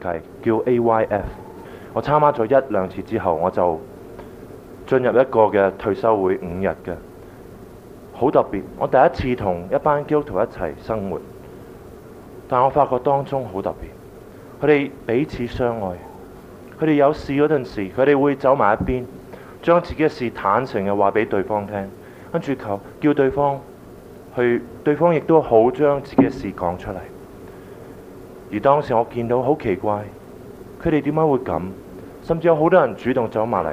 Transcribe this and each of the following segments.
係叫 A Y F，我參加咗一兩次之後，我就進入一個嘅退休會五日嘅，好特別。我第一次同一班基督徒一齊生活，但我發覺當中好特別，佢哋彼此相愛，佢哋有事嗰陣時，佢哋會走埋一邊，將自己嘅事坦誠嘅話俾對方聽，跟住求叫對方去，對方亦都好將自己嘅事講出嚟。而當時我見到好奇怪，佢哋點解會咁？甚至有好多人主動走埋嚟，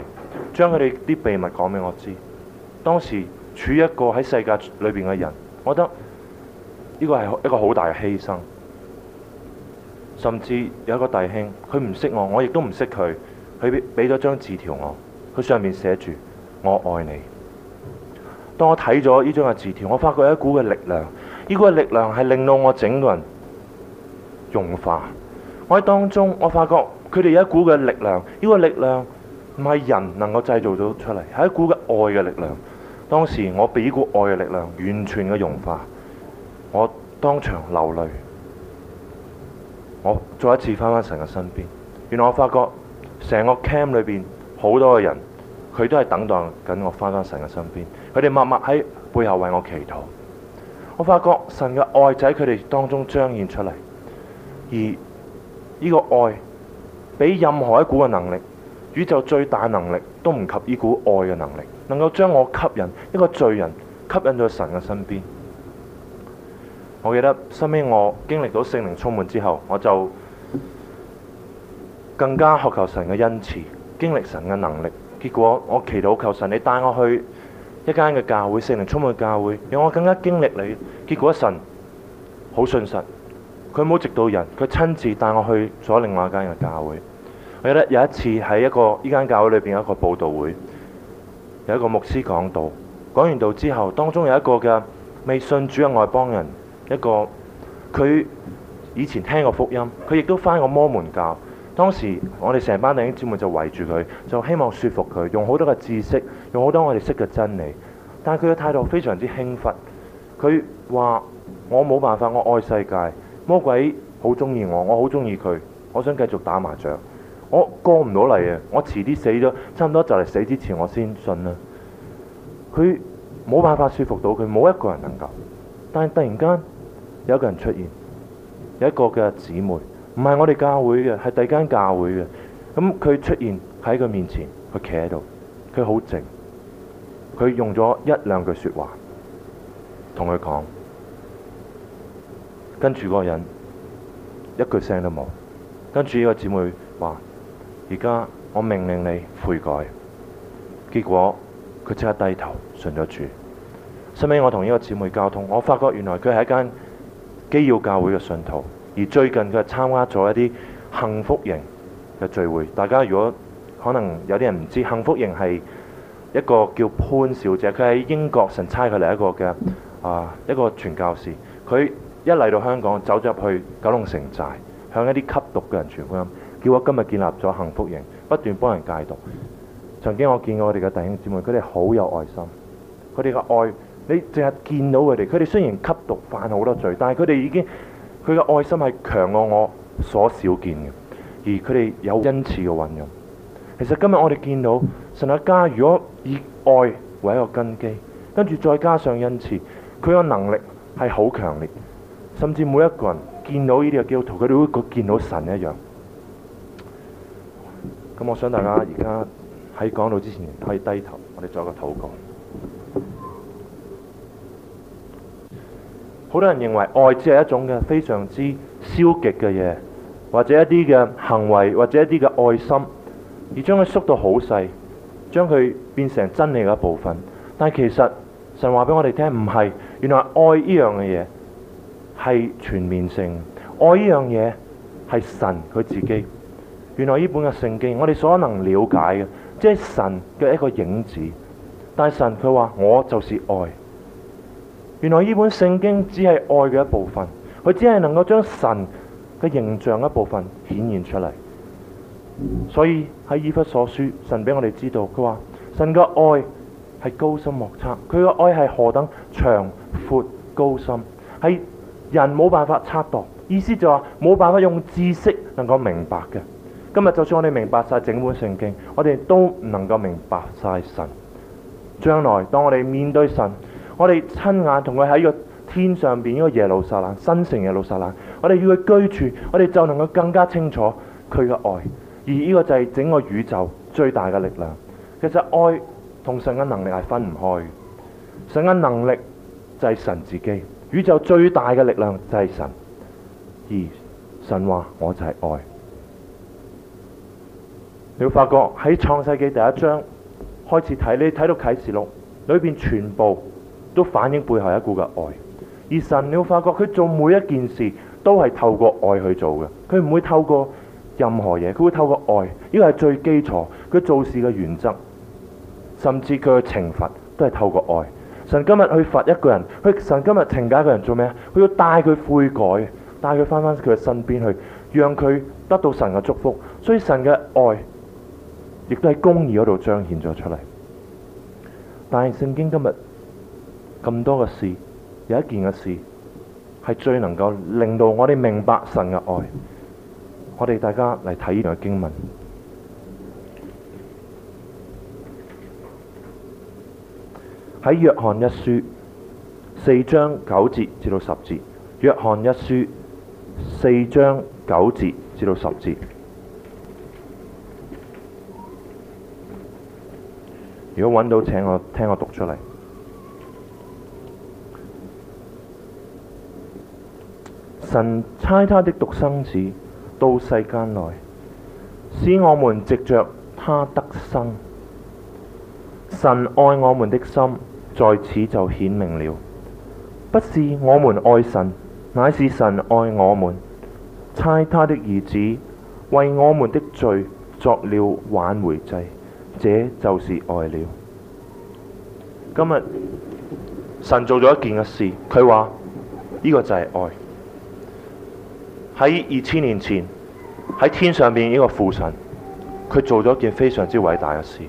將佢哋啲秘密講俾我知。當時處一個喺世界裏邊嘅人，我覺得呢個係一個好大嘅犧牲。甚至有一個弟兄，佢唔識我，我亦都唔識佢，佢俾咗張字條我，佢上面寫住「我愛你」。當我睇咗呢張嘅字條，我發覺有一股嘅力量。呢股嘅力量係令到我整個人融化，我喺當中，我發覺佢哋有一股嘅力量，呢個力量唔係人能夠製造到出嚟，係一股嘅愛嘅力量。當時我俾呢股愛嘅力量完全嘅融化，我當場流淚，我再一次翻返神嘅身邊。原來我發覺成個 camp 裏邊好多嘅人，佢都係等待緊我翻返神嘅身邊，佢哋默默喺背後為我祈禱。我發覺神嘅愛喺佢哋當中彰顯出嚟。而呢個愛，比任何一股嘅能力，宇宙最大能力都唔及呢股愛嘅能力，能夠將我吸引，一個罪人吸引到神嘅身邊。我記得後尾我經歷到聖靈充滿之後，我就更加渴求神嘅恩賜，經歷神嘅能力。結果我祈禱求神，你帶我去一間嘅教會，聖靈充滿嘅教會，讓我更加經歷你。結果神好信實。佢冇直到人，佢親自帶我去咗另外一間嘅教會。我記得有一次喺一個呢間教會裏面有一個佈道會，有一個牧師講道。講完道之後，當中有一個嘅未信主嘅外邦人，一個佢以前聽過福音，佢亦都返過摩門教。當時我哋成班弟兄姊妹就圍住佢，就希望說服佢，用好多嘅知識，用好多我哋識嘅真理。但係佢嘅態度非常之輕忽。佢話：我冇辦法，我愛世界。魔鬼好鍾意我，我好鍾意佢，我想繼續打麻雀，我過唔到嚟啊！我遲啲死咗，差唔多就嚟死之前我，我先信啦。佢冇辦法說服到佢，冇一個人能夠。但係突然間有一個人出現，有一個嘅姊妹，唔係我哋教會嘅，係第二間教會嘅。咁佢出現喺佢面前，佢企喺度，佢好靜，佢用咗一兩句話說話同佢講。跟住個人一句聲都冇，跟住呢個姊妹話：而家我命令你悔改。結果佢即刻低頭信咗主。身尾我同呢個姊妹交通，我發覺原來佢係一間基要教會嘅信徒，而最近佢係參加咗一啲幸福型嘅聚會。大家如果可能有啲人唔知幸福型係一個叫潘小姐，佢喺英國神差佢嚟一個嘅啊一個傳教士，佢。一嚟到香港，走咗入去九龍城寨，向一啲吸毒嘅人傳福音，叫我今日建立咗幸福營，不斷幫人戒毒。曾經我見過我哋嘅弟兄姊妹，佢哋好有愛心，佢哋嘅愛，你淨係見到佢哋，佢哋雖然吸毒犯好多罪，但係佢哋已經佢嘅愛心係強過我所少見嘅，而佢哋有恩賜嘅運用。其實今日我哋見到神嘅家，如果以愛為一個根基，跟住再加上恩賜，佢嘅能力係好強烈。甚至每一個人見到呢啲嘅基督徒，佢都會見到神一樣。咁，我想大家而家喺講道之前可以低頭，我哋做一個禱告。好多人認為愛只係一種嘅非常之消極嘅嘢，或者一啲嘅行為，或者一啲嘅愛心，而將佢縮到好細，將佢變成真理嘅一部分。但係其實神話俾我哋聽，唔係，原來係愛呢樣嘅嘢。係全面性的，愛呢樣嘢係神佢自己。原來呢本嘅聖經，我哋所能了解嘅，即係神嘅一個影子。但係神佢話，我就是愛。原來呢本聖經只係愛嘅一部分，佢只係能夠將神嘅形象一部分顯現出嚟。所以喺以弗所書，神俾我哋知道，佢話神嘅愛係高深莫測，佢嘅愛係何等長闊高深，係。人冇辦法測度，意思就話冇辦法用知識能夠明白嘅。今日就算我哋明白晒整本聖經，我哋都唔能夠明白晒神。將來當我哋面對神，我哋親眼同佢喺個天上邊，呢個耶路撒冷，新城耶路撒冷，我哋要佢居住，我哋就能夠更加清楚佢嘅愛。而呢個就係整個宇宙最大嘅力量。其實愛同神嘅能力係分唔開嘅，神嘅能力就係神自己。宇宙最大嘅力量就係神，而神話我就係愛。你會發覺喺創世紀第一章開始睇，你睇到啟示錄裏邊全部都反映背後一股嘅愛。而神，你會發覺佢做每一件事都係透過愛去做嘅，佢唔會透過任何嘢，佢會透過愛，呢個係最基礎，佢做事嘅原則，甚至佢嘅懲罰都係透過愛。神今日去罰一個人，去神今日懲戒一個人做咩啊？佢要帶佢悔改，帶佢翻返佢嘅身邊去，讓佢得到神嘅祝福。所以神嘅愛，亦都喺公義嗰度彰顯咗出嚟。但係聖經今日咁多嘅事，有一件嘅事係最能夠令到我哋明白神嘅愛。我哋大家嚟睇呢樣經文。喺約翰一書四章九節至到十節，約翰一書四章九節至到十節。如果揾到，請我聽我讀出嚟。神差他的獨生子到世間來，使我們藉着他得生。神愛我們的心，在此就顯明了，不是我們愛神，乃是神愛我們。差他的兒子為我們的罪作了挽回祭，這就是愛了。今日神做咗一件嘅事，佢話呢個就係愛。喺二千年前喺天上邊呢個父神，佢做咗件非常之偉大嘅事。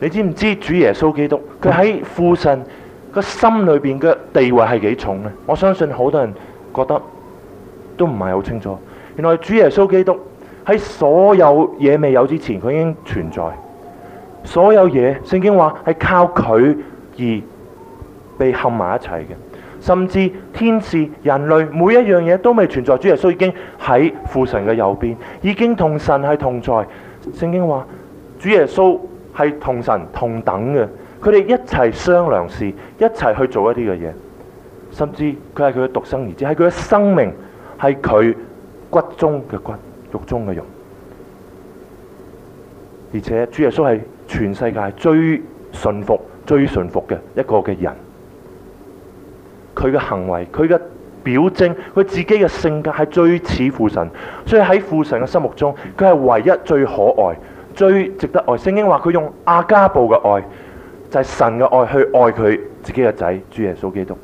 你知唔知主耶穌基督佢喺父神個心裏邊嘅地位係幾重咧？我相信好多人覺得都唔係好清楚。原來主耶穌基督喺所有嘢未有之前，佢已經存在。所有嘢，聖經話係靠佢而被冚埋一齊嘅。甚至天使、人類，每一樣嘢都未存在，主耶穌已經喺父神嘅右邊，已經同神係同在。聖經話主耶穌。係同神同等嘅，佢哋一齊商量事，一齊去做一啲嘅嘢，甚至佢係佢嘅獨生兒子，係佢嘅生命，係佢骨中嘅骨、肉中嘅肉。而且主耶穌係全世界最信服、最信服嘅一個嘅人，佢嘅行為、佢嘅表徵、佢自己嘅性格係最似父神，所以喺父神嘅心目中，佢係唯一最可愛。最值得愛，聖經話佢用阿加布嘅愛，就係、是、神嘅愛去愛佢自己嘅仔，主耶穌基督。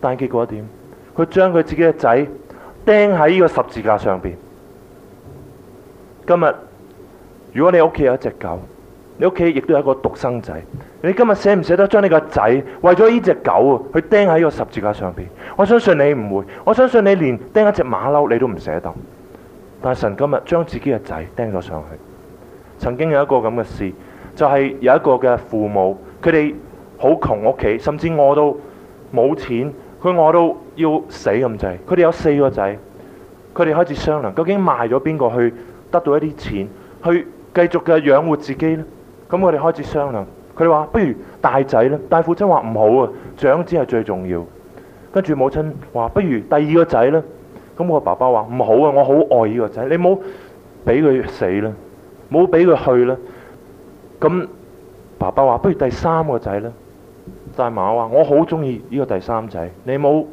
但係結果點？佢將佢自己嘅仔釘喺呢個十字架上邊。今日如果你屋企有一隻狗，你屋企亦都有一個獨生仔，你今日捨唔捨得將你個仔為咗呢隻狗去釘喺呢個十字架上邊？我相信你唔會，我相信你連釘一隻馬騮你都唔捨得。但係神今日將自己嘅仔釘咗上去。曾經有一個咁嘅事，就係、是、有一個嘅父母，佢哋好窮屋企，甚至餓到冇錢，佢餓到要死咁滯。佢哋有四個仔，佢哋開始商量，究竟賣咗邊個去得到一啲錢，去繼續嘅養活自己咧？咁我哋開始商量，佢哋話：不如大仔咧？但父親話唔好啊，長子係最重要。跟住母親話：不如第二個仔咧？咁我爸爸話唔好啊，我好愛呢個仔，你冇俾佢死啦。冇俾佢去啦。咁爸爸話不如第三個仔啦。但係媽媽話我好中意呢個第三仔，你冇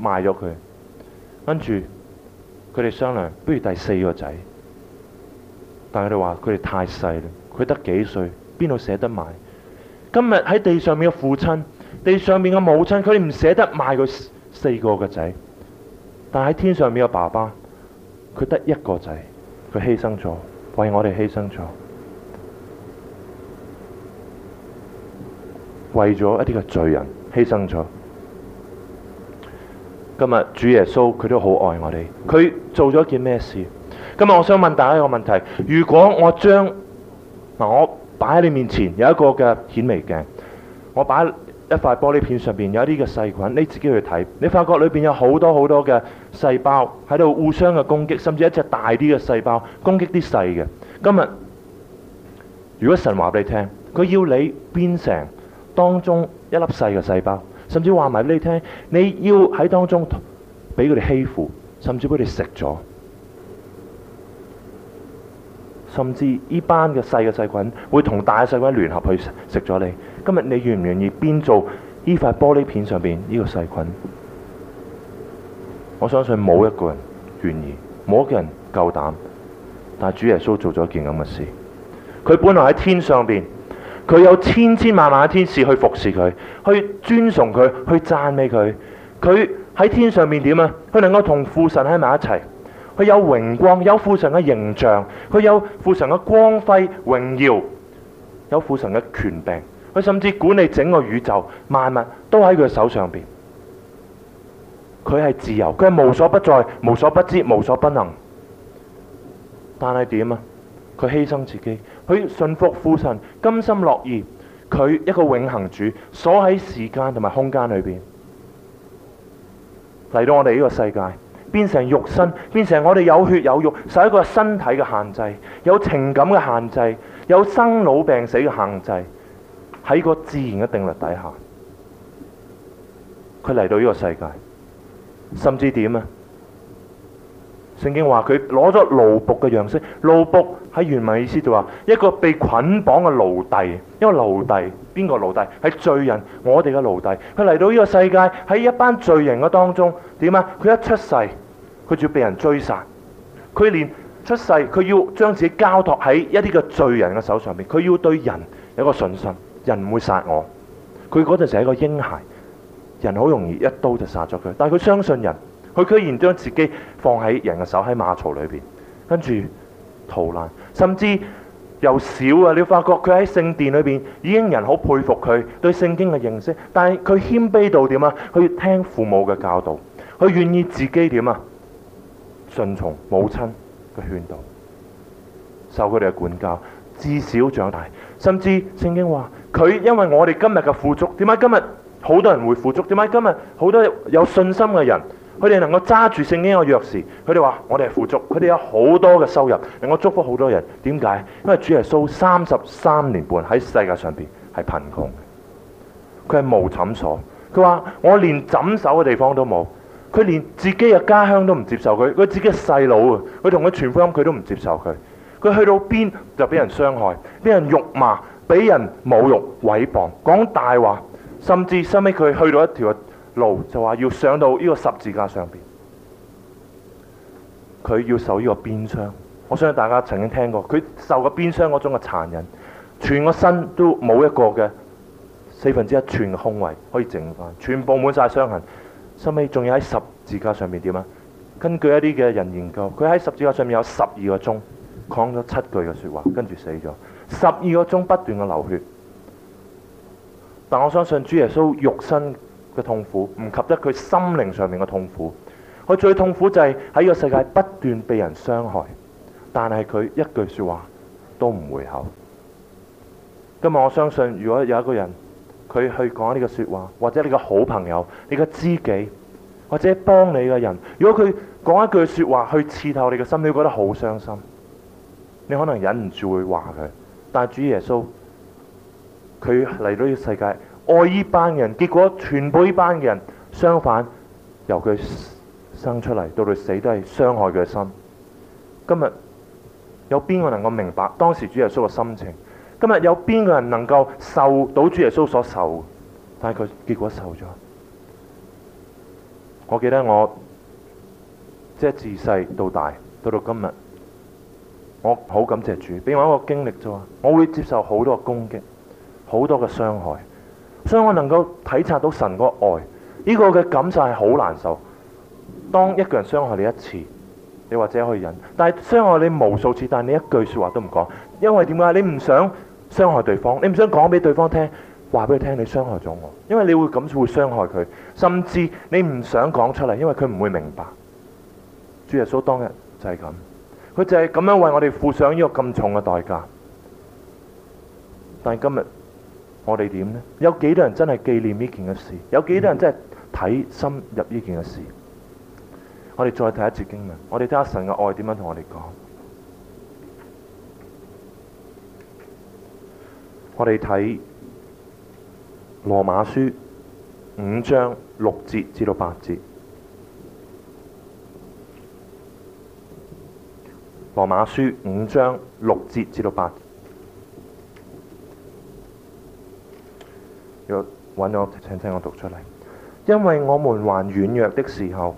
賣咗佢。跟住佢哋商量，不如第四個仔。但係佢哋話佢哋太細啦，佢得幾歲，邊度捨得賣？今日喺地上面嘅父親，地上面嘅母親，佢哋唔捨得賣佢四個嘅仔。但係喺天上面嘅爸爸，佢得一個仔，佢犧牲咗。為我哋犧牲咗，為咗一啲嘅罪人犧牲咗。今日主耶穌佢都好愛我哋，佢做咗件咩事？今日我想問大家一個問題：如果我將嗱，我擺喺你面前有一個嘅顯微鏡，我擺一塊玻璃片上邊有一啲嘅細菌，你自己去睇，你發覺裏邊有好多好多嘅細胞喺度互相嘅攻擊，甚至一隻大啲嘅細胞攻擊啲細嘅。今日如果神話俾你聽，佢要你變成當中一粒細嘅細胞，甚至話埋俾你聽，你要喺當中俾佢哋欺負，甚至俾佢哋食咗，甚至呢班嘅細嘅細菌會同大細菌聯合去食咗你。今日你願唔願意變做呢塊玻璃片上邊呢個細菌？我相信冇一個人願意，冇一個人夠膽。但係主耶穌做咗一件咁嘅事，佢本來喺天上邊，佢有千千萬萬嘅天使去服侍佢，去尊崇佢，去讚美佢。佢喺天上面點啊？佢能夠同父神喺埋一齊，佢有榮光，有父神嘅形象，佢有父神嘅光輝榮耀，有父神嘅權柄，佢甚至管理整個宇宙萬物都喺佢嘅手上邊。佢係自由，佢係無所不在、無所不知、無所不能。但係點啊？佢犧牲自己，佢順服父神，甘心樂意。佢一個永恒主鎖喺時間同埋空間裏邊，嚟到我哋呢個世界，變成肉身，變成我哋有血有肉，受一個身體嘅限制，有情感嘅限制，有生老病死嘅限制，喺個自然嘅定律底下，佢嚟到呢個世界。甚至點啊？聖經話佢攞咗奴僕嘅樣式，奴僕喺原文意思就話一個被捆綁嘅奴隸，一個奴隸，邊個奴隸係罪人，我哋嘅奴隸。佢嚟到呢個世界喺一班罪人嘅當中，點啊？佢一出世，佢就要被人追殺。佢連出世，佢要將自己交託喺一啲嘅罪人嘅手上邊。佢要對人有個信心，人唔會殺我。佢嗰陣時係一個嬰孩。人好容易一刀就殺咗佢，但係佢相信人，佢居然將自己放喺人嘅手，喺馬槽裏邊，跟住逃難，甚至又少啊！你發覺佢喺聖殿裏邊已經人好佩服佢對聖經嘅認識，但係佢謙卑到點啊？佢要聽父母嘅教導，佢願意自己點啊？順從母親嘅勸導，受佢哋嘅管教，自小長大，甚至聖經話佢因為我哋今日嘅富足，點解今日？好多人會富足，點解？今日好多有信心嘅人，佢哋能夠揸住聖經嘅鑰匙。佢哋話我哋係富足，佢哋有好多嘅收入，令我祝福好多人。點解？因為主耶穌三十三年半喺世界上邊係貧窮，佢係無診所。佢話我連枕首嘅地方都冇，佢連自己嘅家鄉都唔接受佢，佢自己嘅細佬啊，佢同佢傳福音佢都唔接受佢，佢去到邊就俾人傷害，俾人辱罵，俾人侮辱、毀謗、講大話。甚至收尾佢去到一條路，就話要上到呢個十字架上邊，佢要受呢個鞭傷。我相信大家曾經聽過，佢受個鞭傷嗰種嘅殘忍，全個身都冇一個嘅四分之一寸嘅空位可以剩翻，全部滿曬傷痕。收尾仲要喺十字架上面點啊？根據一啲嘅人研究，佢喺十字架上面有十二個鐘講咗七句嘅說話，跟住死咗。十二個鐘不斷嘅流血。但我相信主耶穌肉身嘅痛苦唔及得佢心靈上面嘅痛苦。佢最痛苦就係喺呢個世界不斷被人傷害，但係佢一句說話都唔回口。今日我相信，如果有一個人佢去講呢個說話，或者你嘅好朋友、你嘅知己或者幫你嘅人，如果佢講一句說話去刺透你嘅心，你會覺得好傷心。你可能忍唔住會話佢，但係主耶穌。佢嚟到呢個世界愛呢班人，結果全部呢班人相反由佢生出嚟，到佢死都係傷害佢嘅心。今日有邊個能夠明白當時主耶穌嘅心情？今日有邊個人能夠受到主耶穌所受？但係佢結果受咗。我記得我即係、就是、自細到大，到到今日，我好感謝主。俾我一個經歷咗，我會接受好多嘅攻擊。好多嘅傷害，所以我能夠體察到神嗰個愛，呢個嘅感受係好難受。當一個人傷害你一次，你或者可以忍；但係傷害你無數次，但係你一句說話都唔講，因為點解？你唔想傷害對方，你唔想講俾對方聽，話俾佢聽，你傷害咗我，因為你會咁做會傷害佢，甚至你唔想講出嚟，因為佢唔會明白。主耶穌當日就係咁，佢就係咁樣為我哋付上呢個咁重嘅代價。但係今日。我哋點呢？有幾多人真係紀念呢件嘅事？有幾多人真係睇深入呢件嘅事？嗯、我哋再睇一次經文，我哋睇下神嘅愛點樣同我哋講。我哋睇羅馬書五章六節至到八節。羅馬書五章六節至到八節。要搵我，請聽我讀出嚟。因為我們還軟弱的時候，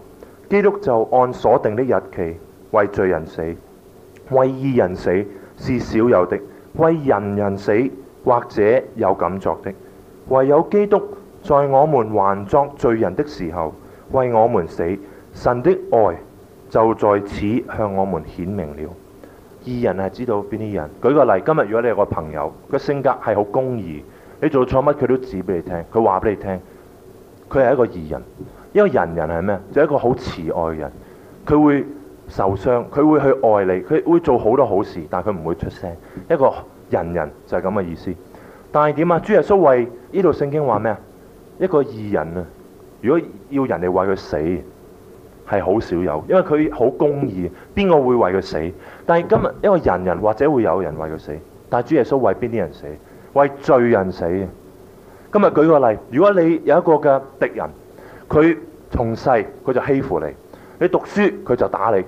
基督就按所定的日期為罪人死，為義人死是少有的，為人人死或者有敢作的。唯有基督在我們還作罪人的時候為我們死，神的愛就在此向我們顯明了。義人係知道邊啲人？舉個例，今日如果你有個朋友，佢性格係好公義。你做錯乜佢都指俾你聽，佢話俾你聽，佢係一個義人，因為仁人就是，一個仁人係咩？就一個好慈愛嘅人，佢會受傷，佢會去愛你，佢會做好多好事，但係佢唔會出聲。一個仁人就係咁嘅意思。但係點啊？主耶穌為呢度聖經話咩啊？一個義人啊，如果要人哋為佢死，係好少有，因為佢好公義，邊個會為佢死？但係今日一個仁人或者會有人為佢死，但係主耶穌為邊啲人死？為罪人死。今日舉個例，如果你有一個嘅敵人，佢從細佢就欺負你，你讀書佢就打你，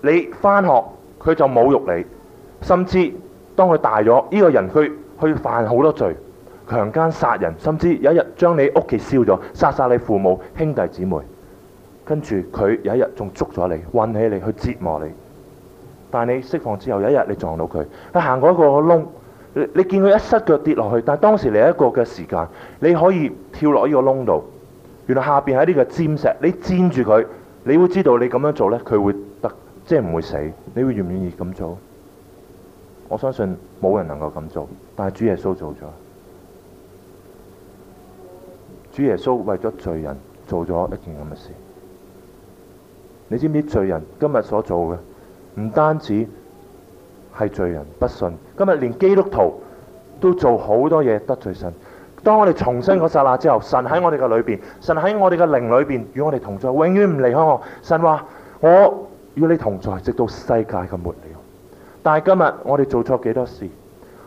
你翻學佢就侮辱你，甚至當佢大咗，呢、呢個人佢去犯好多罪，強奸殺人，甚至有一日將你屋企燒咗，殺殺你父母兄弟姊妹，跟住佢有一日仲捉咗你，困起你去折磨你。但你釋放之後有一日你撞到佢，佢行過一個窿。你見佢一失腳跌落去，但係當時你一個嘅時間，你可以跳落呢個窿度。原來下邊喺呢個尖石，你尖住佢，你會知道你咁樣做咧，佢會得即係唔會死。你會願唔願意咁做？我相信冇人能夠咁做，但係主耶穌做咗。主耶穌為咗罪人做咗一件咁嘅事。你知唔知罪人今日所做嘅唔單止？係罪人不信，今日連基督徒都做好多嘢得罪神。當我哋重生嗰剎那之後，神喺我哋嘅裏邊，神喺我哋嘅靈裏邊與我哋同在，永遠唔離開我。神話我與你同在，直到世界嘅末了。但係今日我哋做錯幾多事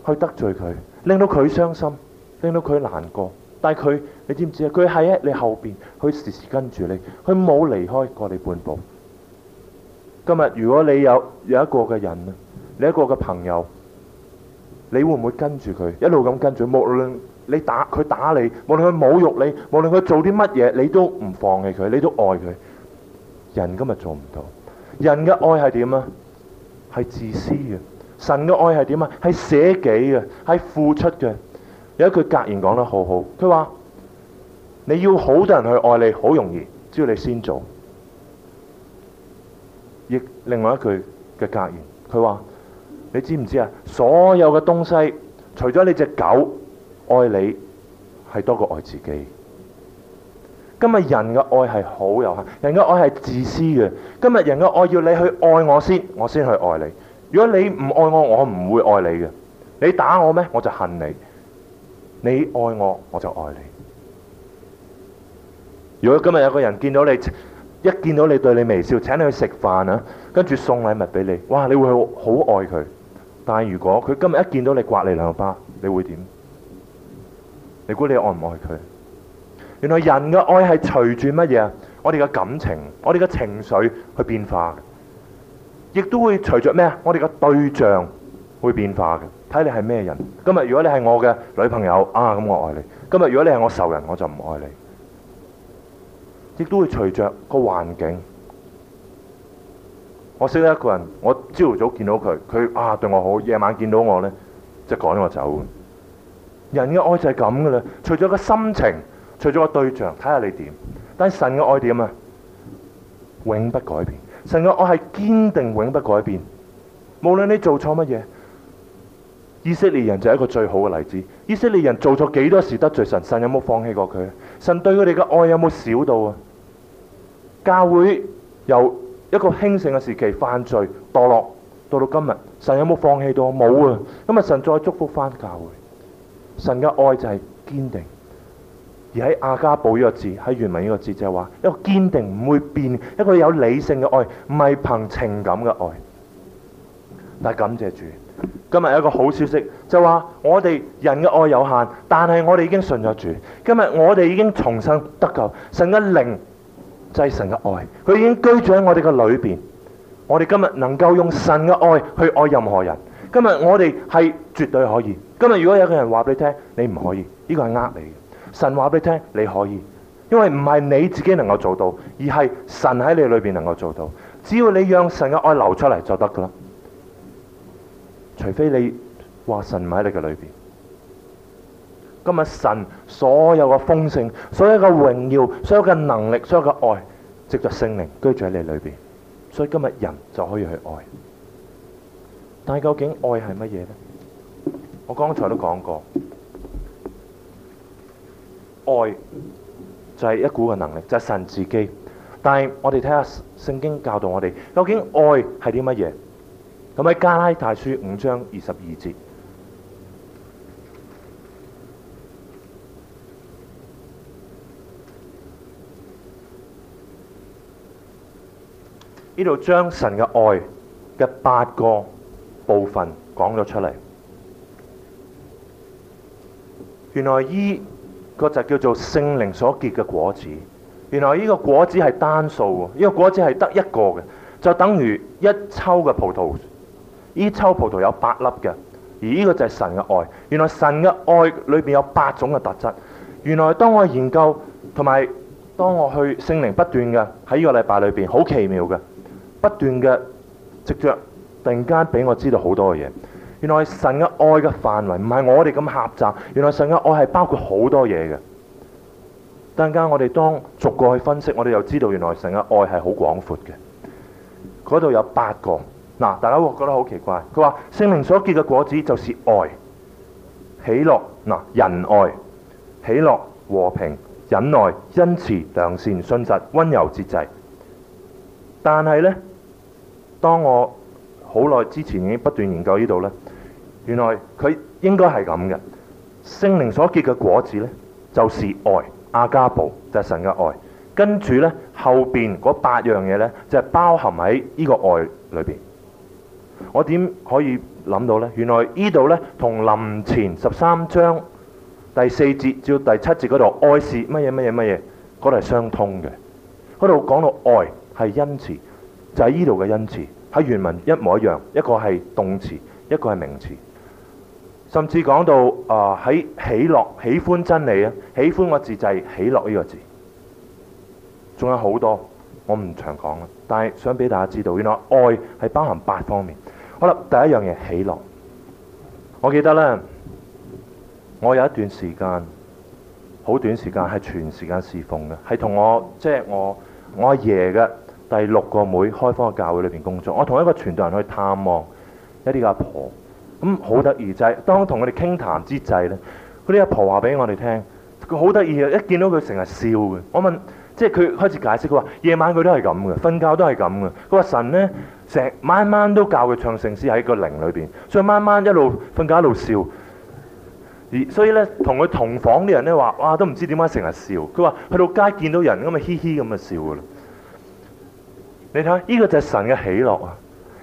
去得罪佢，令到佢傷心，令到佢難過。但係佢，你知唔知啊？佢係喺你後邊，佢時時跟住你，佢冇離開過你半步。今日如果你有有一個嘅人啊。你一個嘅朋友，你會唔會跟住佢一路咁跟住？無論你打佢打你，無論佢侮辱你，無論佢做啲乜嘢，你都唔放棄佢，你都愛佢。人今日做唔到，人嘅愛係點啊？係自私嘅。神嘅愛係點啊？係捨己嘅，係付出嘅。有一句格言講得好好，佢話：你要好多人去愛你，好容易，只要你先做。亦另外一句嘅格言，佢話：你知唔知啊？所有嘅東西，除咗你隻狗愛你，係多過愛自己。今日人嘅愛係好有限，人嘅愛係自私嘅。今日人嘅愛要你去愛我先，我先去愛你。如果你唔愛我，我唔會愛你嘅。你打我咩？我就恨你。你愛我，我就愛你。如果今日有個人見到你，一見到你對你微笑，請你去食飯啊，跟住送禮物俾你，哇！你會好愛佢。但係如果佢今日一見到你刮你兩個巴，你會點？你估你愛唔愛佢？原來人嘅愛係隨住乜嘢啊？我哋嘅感情、我哋嘅情緒去變化，亦都會隨着咩啊？我哋嘅對象會變化嘅，睇你係咩人。今日如果你係我嘅女朋友啊，咁我愛你。今日如果你係我仇人，我就唔愛你。亦都會隨着個環境。我識得一個人，我朝頭早見到佢，佢啊對我好；夜晚見到我咧，就趕我走。人嘅愛就係咁噶啦，除咗個心情，除咗個對象，睇下你點。但係神嘅愛點啊？永不改變。神嘅愛係堅定，永不改變。無論你做錯乜嘢，以色列人就係一個最好嘅例子。以色列人做錯幾多事得罪神，神有冇放棄過佢？神對佢哋嘅愛有冇少到啊？教會又？一個興盛嘅時期犯罪墮落，到到今日，神有冇放棄到？冇啊！今日神再祝福翻教會，神嘅愛就係堅定，而喺阿加保呢個字喺原文呢個字就係話一個堅定唔會變，一個有理性嘅愛，唔係憑情感嘅愛。但係感謝主，今日有一個好消息，就話我哋人嘅愛有限，但係我哋已經信咗主。今日我哋已經重新得救，神嘅靈。祭、就係、神嘅愛，佢已經居住喺我哋嘅裏邊。我哋今日能夠用神嘅愛去愛任何人，今日我哋係絕對可以。今日如果有個人話俾你聽，你唔可以，呢、這個係呃你嘅。神話俾你聽，你可以，因為唔係你自己能夠做到，而係神喺你裏邊能夠做到。只要你讓神嘅愛流出嚟就得噶啦，除非你話神唔喺你嘅裏邊。今日神所有嘅豐盛、所有嘅榮耀、所有嘅能力、所有嘅愛，藉着聖靈居住喺你裏邊，所以今日人就可以去愛。但係究竟愛係乜嘢呢？我剛才都講過，愛就係一股嘅能力，就係、是、神自己。但係我哋睇下聖經教導我哋，究竟愛係啲乜嘢？咁喺加拉太書五章二十二節。呢度將神嘅愛嘅八個部分講咗出嚟，原來呢個就叫做聖靈所結嘅果子。原來呢個果子係單數，呢個果子係得一個嘅，就等於一抽嘅葡萄。呢抽葡萄有八粒嘅，而呢個就係神嘅愛。原來神嘅愛裏邊有八種嘅特質。原來當我研究同埋當我去聖靈不斷嘅喺呢個禮拜裏邊，好奇妙嘅。不斷嘅，直着突然間俾我知道好多嘅嘢。原來神嘅愛嘅範圍唔係我哋咁狹窄，原來神嘅愛係包括好多嘢嘅。突然間我哋當逐個去分析，我哋又知道原來神嘅愛係好廣闊嘅。嗰度有八個，嗱，大家會覺得好奇怪。佢話聖靈所結嘅果子就是愛、喜樂、嗱、仁愛、喜樂、和平、忍耐、恩慈、良善、信實、温柔、節制。但係呢。當我好耐之前已經不斷研究呢度咧，原來佢應該係咁嘅，聖靈所結嘅果子咧，就是愛，阿加布就係神嘅愛，跟住咧後邊嗰八樣嘢咧就係包含喺呢個愛裏邊。我點可以諗到咧？原來呢度咧同林前十三章第四節至到第七節嗰度愛是乜嘢乜嘢乜嘢嗰度係相通嘅，嗰度講到愛係恩慈，就係呢度嘅恩慈。喺原文一模一樣，一個係動詞，一個係名詞，甚至講到啊喺、呃、喜樂喜歡真理啊，喜歡個字就係喜樂呢個字，仲有好多我唔長講啦，但係想俾大家知道，原來愛係包含八方面。好啦，第一樣嘢喜樂，我記得咧，我有一段時間好短時間係全時間侍奉嘅，係同我即係、就是、我我阿爺嘅。第六個妹開放嘅教會裏邊工作，我同一個傳道人去探望一啲阿婆，咁好得意就係當同佢哋傾談之際咧，嗰啲阿婆話俾我哋聽，佢好得意啊！一見到佢成日笑嘅，我問，即係佢開始解釋，佢話夜晚佢都係咁嘅，瞓覺都係咁嘅。佢話神咧成晚晚都教佢唱聖詩喺個靈裏邊，所以晚晚一路瞓覺一路笑。而所以咧，同佢同房啲人咧話，哇，都唔知點解成日笑。佢話去到街見到人咁啊，嘻嘻咁啊笑噶啦。你睇，呢、這個就係神嘅喜樂啊！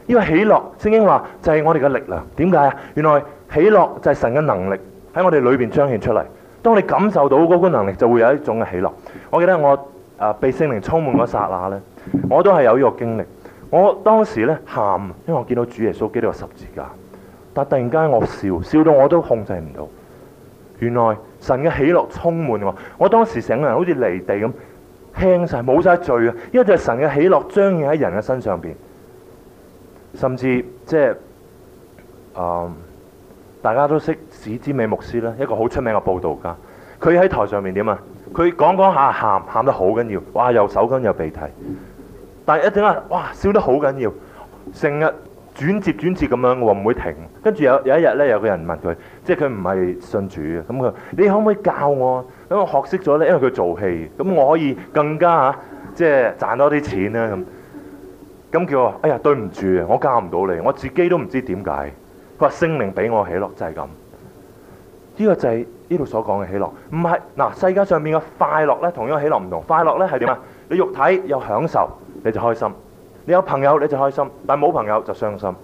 呢個喜樂，聖、這個、經話就係、是、我哋嘅力量。點解啊？原來喜樂就係神嘅能力喺我哋裏邊彰顯出嚟。當你感受到嗰個能力，就會有一種嘅喜樂。我記得我啊、呃、被聖靈充滿嗰剎那咧，我都係有呢個經歷。我當時咧喊，因為我見到主耶穌基督嘅十字架，但突然間我笑笑到我都控制唔到。原來神嘅喜樂充滿我，我當時成個人好似離地咁。輕晒冇晒罪啊！因為只係神嘅喜樂彰顯喺人嘅身上邊，甚至即係，嗯，大家都識史之美牧師啦，一個好出名嘅佈道家。佢喺台上面點啊？佢講講下喊喊得好緊要，哇！又手巾又鼻涕，但係一陣間，哇！笑得好緊要，成日。轉接轉接咁樣，我話唔會停。跟住有有一日咧，有個人問佢，即係佢唔係信主嘅。咁佢，你可唔可以教我啊？咁我學識咗咧，因為佢做戲，咁我可以更加嚇，即係賺多啲錢咧咁。咁叫我，哎呀，對唔住啊，我教唔到你，我自己都唔知點解。佢話聖靈俾我喜樂就係咁。依個就係依度所講嘅喜樂，唔係嗱，世界上面嘅快樂咧，同依個喜樂唔同。快樂咧係點啊？你肉體有享受你就開心。你有朋友你就開心，但冇朋友就傷心。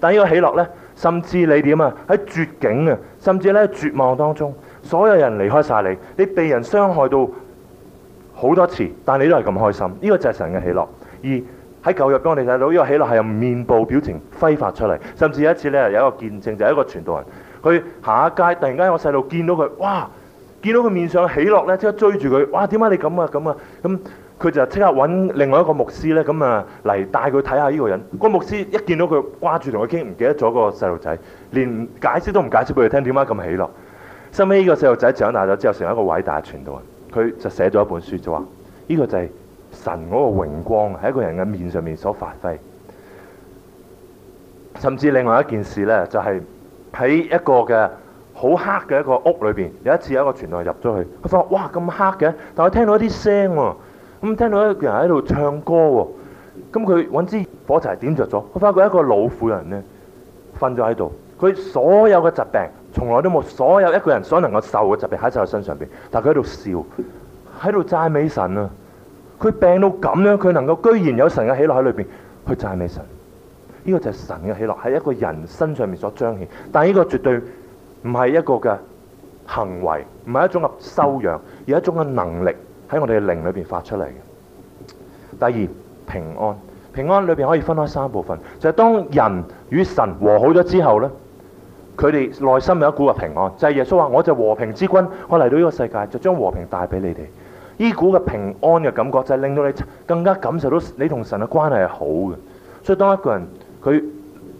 但呢個喜樂呢，甚至你點啊？喺絕境啊，甚至咧絕望當中，所有人離開晒你，你被人傷害到好多次，但你都係咁開心。呢個就係神嘅喜樂。而喺舊日當你睇到呢個喜樂係由面部表情揮發出嚟。甚至有一次呢，有一個見證就係一個傳道人，佢行下街，突然間有個細路見到佢，哇！見到佢面上嘅喜樂呢，即刻追住佢，哇！點解你咁啊？咁啊？咁？佢就即刻揾另外一個牧師呢。咁啊嚟帶佢睇下呢個人。個牧師一見到佢掛住同佢傾，唔記得咗個細路仔，連解釋都唔解釋俾佢聽么么，點解咁喜樂。收尾呢個細路仔長大咗之後，成為一個偉大嘅傳道人。佢就寫咗一本書，就話呢個就係神嗰個榮光喺一個人嘅面上面所發揮。甚至另外一件事呢，就係、是、喺一個嘅好黑嘅一個屋裏面，有一次有一個傳道入咗去，佢發覺哇咁黑嘅，但係聽到一啲聲喎。咁聽到一個人喺度唱歌喎，咁佢搵支火柴點著咗，我發覺一個老婦人咧瞓咗喺度，佢所有嘅疾病從來都冇，所有一個人所能夠受嘅疾病喺晒佢身上面。但佢喺度笑，喺度讚美神啊！佢病到咁樣，佢能夠居然有神嘅喜樂喺裏面去讚美神。呢、這個就係神嘅喜樂喺一個人身上面所彰顯，但係呢個絕對唔係一個嘅行為，唔係一種嘅修養，而係一種嘅能力。喺我哋嘅靈裏邊發出嚟嘅。第二平安，平安裏邊可以分開三部分，就係當人與神和好咗之後呢，佢哋內心有一股嘅平安。就係耶穌話：「我就和平之君，我嚟到呢個世界就將和平帶俾你哋。」呢股嘅平安嘅感覺就係令到你更加感受到你同神嘅關係係好嘅。所以當一個人佢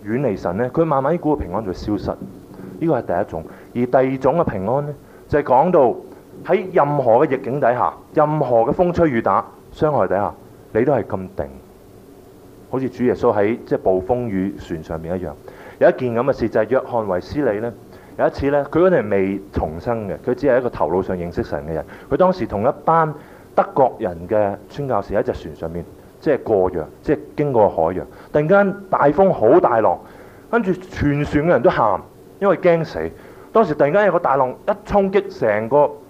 遠離神呢，佢慢慢呢股嘅平安就會消失。呢個係第一種。而第二種嘅平安呢，就係講到。喺任何嘅逆境底下，任何嘅風吹雨打、傷害底下，你都係咁定，好似主耶穌喺即係暴風雨船上面一樣。有一件咁嘅事就係約翰維斯里咧，有一次咧，佢嗰陣未重生嘅，佢只係一個頭腦上認識神嘅人。佢當時同一班德國人嘅宣教士喺隻船上面，即係過洋，即係經過海洋。突然間大風好大浪，跟住全船嘅人都喊，因為驚死。當時突然間有個大浪一衝擊，成個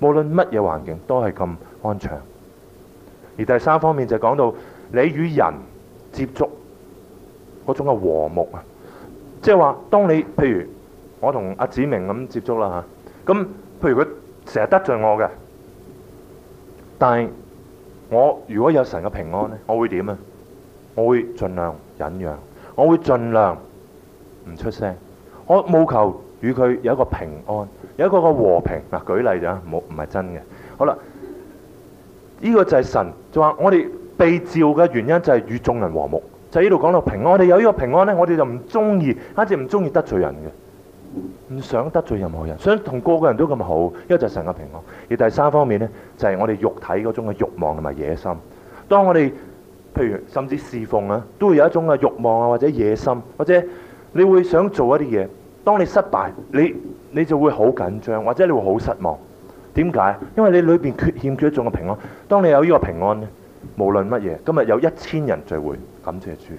無論乜嘢環境都係咁安詳，而第三方面就講到你與人接觸嗰種嘅和睦啊，即係話當你譬如我同阿子明咁接觸啦吓，咁譬如佢成日得罪我嘅，但係我如果有神嘅平安咧，我會點啊？我會盡量忍讓，我會盡量唔出聲，我務求。與佢有一個平安，有一個個和平。嗱，舉例就冇唔係真嘅。好啦，呢個就係神就話：我哋被召嘅原因就係與眾人和睦。就呢度講到平安，我哋有呢個平安呢，我哋就唔中意，一直唔中意得罪人嘅，唔想得罪任何人，想同個個人都咁好。因為就係神嘅平安。而第三方面呢，就係我哋肉體嗰種嘅欲望同埋野心。當我哋譬如甚至侍奉啊，都會有一種嘅欲望啊，或者野心，或者你會想做一啲嘢。當你失敗，你你就會好緊張，或者你會好失望。點解？因為你裏邊缺欠缺一種嘅平安。當你有呢個平安，無論乜嘢，今日有一千人聚會，感謝主；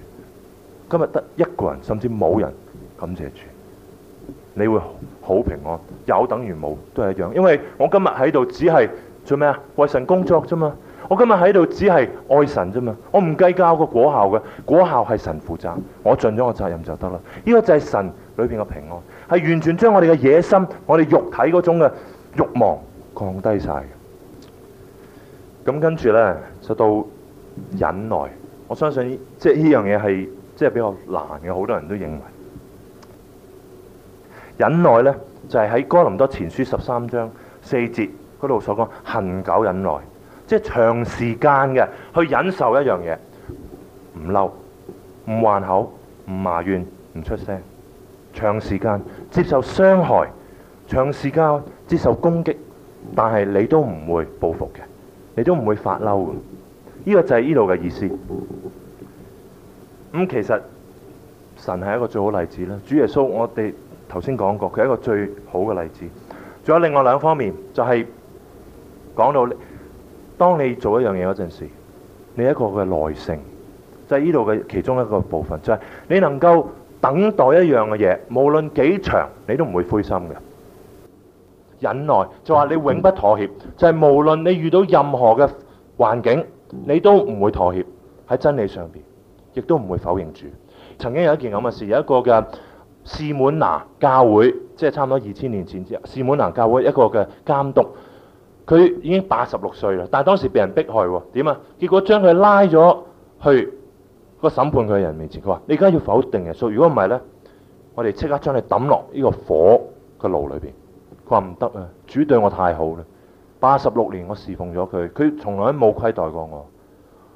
今日得一個人，甚至冇人感謝主，你會好平安。有等於冇都係一樣，因為我今日喺度只係做咩啊？為神工作啫嘛。我今日喺度只係愛神啫嘛，我唔計較個果效嘅，果效係神負責，我盡咗個責任就得啦。呢、這個就係神裏邊嘅平安，係完全將我哋嘅野心、我哋肉體嗰種嘅慾望降低晒。咁跟住呢，就到忍耐，我相信即係呢樣嘢係即係比較難嘅，好多人都認為忍耐呢，就係、是、喺哥林多前書十三章四節嗰度所講，恆久忍耐。即係長時間嘅去忍受一樣嘢，唔嬲，唔還口，唔埋怨，唔出聲。長時間接受傷害，長時間接受攻擊，但係你都唔會報復嘅，你都唔會發嬲嘅。呢個就係呢度嘅意思。咁其實神係一個最好例子啦。主耶穌，我哋頭先講過，佢係一個最好嘅例子。仲有另外兩方面，就係講到。當你做一樣嘢嗰陣時，你一個嘅耐性，就係呢度嘅其中一個部分，就係、是、你能夠等待一樣嘅嘢，無論幾長，你都唔會灰心嘅。忍耐就話你永不妥協，就係、是、無論你遇到任何嘅環境，你都唔會妥協喺真理上面，亦都唔會否認主。曾經有一件咁嘅事，有一個嘅士滿拿教會，即、就、係、是、差唔多二千年前之後，士滿拿教會一個嘅監督。佢已經八十六歲啦，但係當時被人迫害喎，點啊？結果將佢拉咗去個審判佢嘅人面前，佢話：你而家要否定耶穌，如果唔係呢，我哋即刻將你抌落呢個火個爐裏邊。佢話唔得啊，主對我太好啦，八十六年我侍奉咗佢，佢從來都冇虧待過我，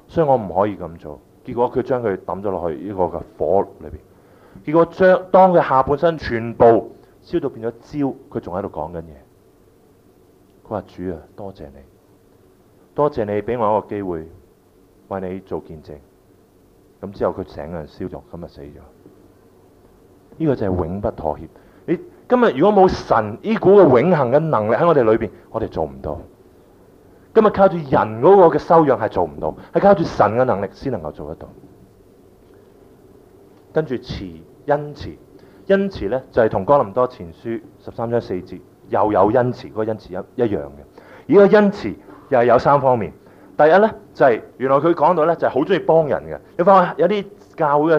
所以我唔可以咁做。結果佢將佢抌咗落去呢個嘅火裏邊。結果將當佢下半身全部燒到變咗焦，佢仲喺度講緊嘢。佢話主啊，多謝你，多謝你俾我一個機會，為你做見證。咁之後佢請人燒咗，今日死咗。呢、這個就係永不妥協。你今日如果冇神呢股嘅永恆嘅能力喺我哋裏邊，我哋做唔到。今日靠住人嗰個嘅修養係做唔到，係靠住神嘅能力先能夠做得到。跟住，慈、恩慈，恩慈咧就係、是、同哥林多前書十三章四節。又有恩慈，嗰、那個恩慈一一樣嘅。而個恩慈又係有三方面。第一咧就係、是、原來佢講到咧就係好中意幫人嘅。你翻去有啲教會嘅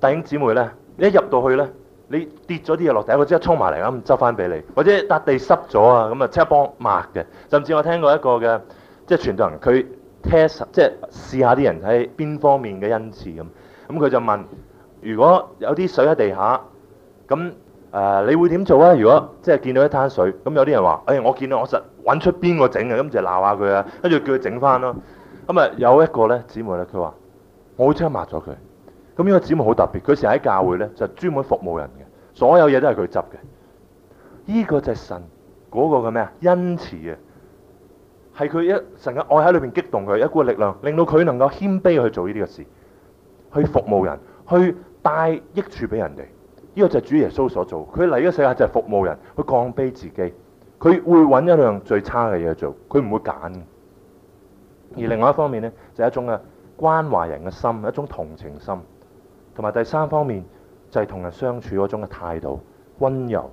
弟兄姊妹咧，一入到去咧，你跌咗啲嘢落地，佢即刻衝埋嚟咁執翻俾你，或者笪地濕咗啊，咁啊即刻幫抹嘅。甚至我聽過一個嘅，即、就、係、是、傳道人，佢 test 即係試下啲人喺邊方面嘅恩慈咁。咁佢就問：如果有啲水喺地下，咁？誒、呃，你會點做啊？如果即係見到一灘水，咁有啲人話：，誒、哎，我見到我實揾出邊個整嘅，咁就鬧下佢啊，跟住叫佢整翻咯。咁啊，有一個咧姊妹咧，佢話：，我將抹咗佢。咁呢個姊妹好特別，佢成日喺教會咧就專、是、門服務人嘅，所有嘢都係佢執嘅。呢、這個就係神嗰、那個嘅咩啊？恩慈嘅，係佢一神嘅愛喺裏面激動佢一股力量，令到佢能夠謙卑去做呢啲嘅事，去服務人，去帶益處俾人哋。呢個就係主耶穌所做的。佢嚟呢個世界就係服務人，去降卑自己，佢會揾一樣最差嘅嘢做，佢唔會揀。而另外一方面呢，就係一種嘅關懷人嘅心，一種同情心，同埋第三方面就係同人相處嗰種嘅態度，溫柔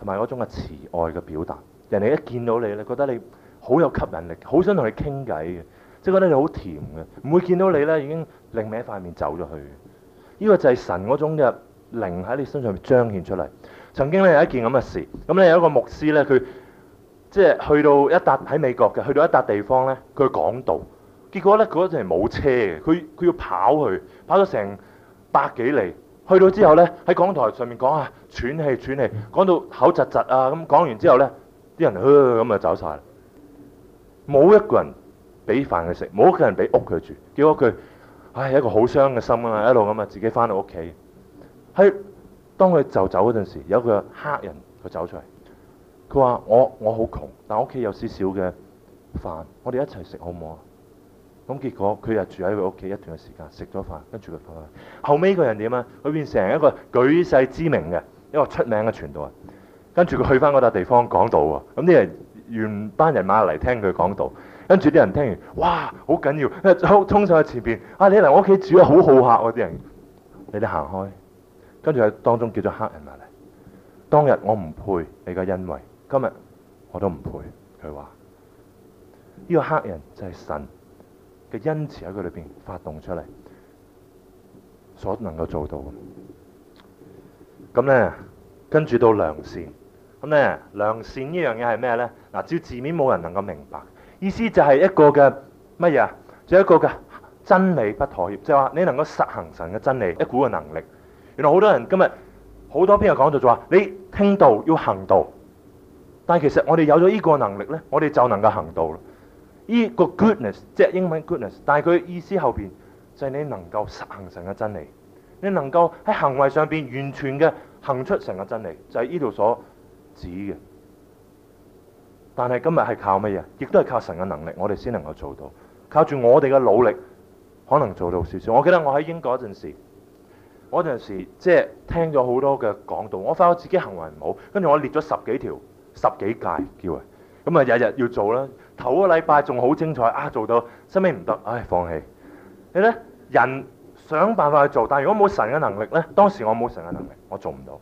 同埋嗰種嘅慈愛嘅表達。人哋一見到你咧，覺得你好有吸引力，好想同你傾偈嘅，即係覺得你好甜嘅，唔會見到你呢已經擰埋塊面走咗去。呢個就係神嗰種嘅。靈喺你身上面彰顯出嚟。曾經咧有一件咁嘅事，咁咧有一個牧師咧，佢即係去到一笪喺美國嘅，去到一笪地方咧，佢講道。結果咧，佢嗰陣係冇車嘅，佢佢要跑去，跑咗成百幾里，去到之後咧，喺講台上面講啊，喘氣喘氣，講到口窒窒啊，咁講完之後咧，啲人呵咁啊走曬啦，冇一個人俾飯佢食，冇一個人俾屋佢住，結果佢唉一個好傷嘅心啊，一路咁啊，自己返到屋企。喺當佢就走嗰陣時，有個黑人佢走出嚟，佢話：我我好窮，但我屋企有少少嘅飯，我哋一齊食好唔好啊？咁結果佢又住喺佢屋企一段嘅時間，食咗飯，跟住佢翻去。後尾嗰人點啊？佢變成一個舉世知名嘅一個出名嘅傳道人啊！跟住佢去翻嗰笪地方講道喎。咁啲人原班人馬嚟聽佢講道，跟住啲人聽完，哇，好緊要！一衝上去前邊，啊，你嚟我屋企住得好啊，好好客喎！啲人，你哋行開。跟住喺當中叫做黑人嚟，當日我唔配你嘅恩惠，今日我都唔配。佢話呢個黑人就係神嘅恩慈喺佢裏邊發動出嚟，所能夠做到。咁咧跟住到良善，咁咧良善呢樣嘢係咩咧？嗱，只要字面冇人能夠明白意思，就係一個嘅乜嘢啊？仲有一個嘅真理不妥協，即係話你能夠實行神嘅真理，一股嘅能力。原來好多人今日好多篇又講到，就話你聽道要行道，但係其實我哋有咗呢個能力呢，我哋就能夠行道啦。呢、這個 goodness，即係英文 goodness，但係佢意思後邊就係、是、你能夠實行神嘅真理，你能夠喺行為上邊完全嘅行出神嘅真理，就係呢度所指嘅。但係今日係靠乜嘢？亦都係靠神嘅能力，我哋先能夠做到。靠住我哋嘅努力，可能做到少少。我記得我喺英國嗰陣時。我嗰陣時即係聽咗好多嘅講道，我發覺自己行為唔好，跟住我列咗十幾條、十幾戒叫啊，咁啊日日要做啦。頭個禮拜仲好精彩啊，做到，後尾唔得，唉，放棄。你咧人想辦法去做，但係如果冇神嘅能力咧，當時我冇神嘅能力，我做唔到。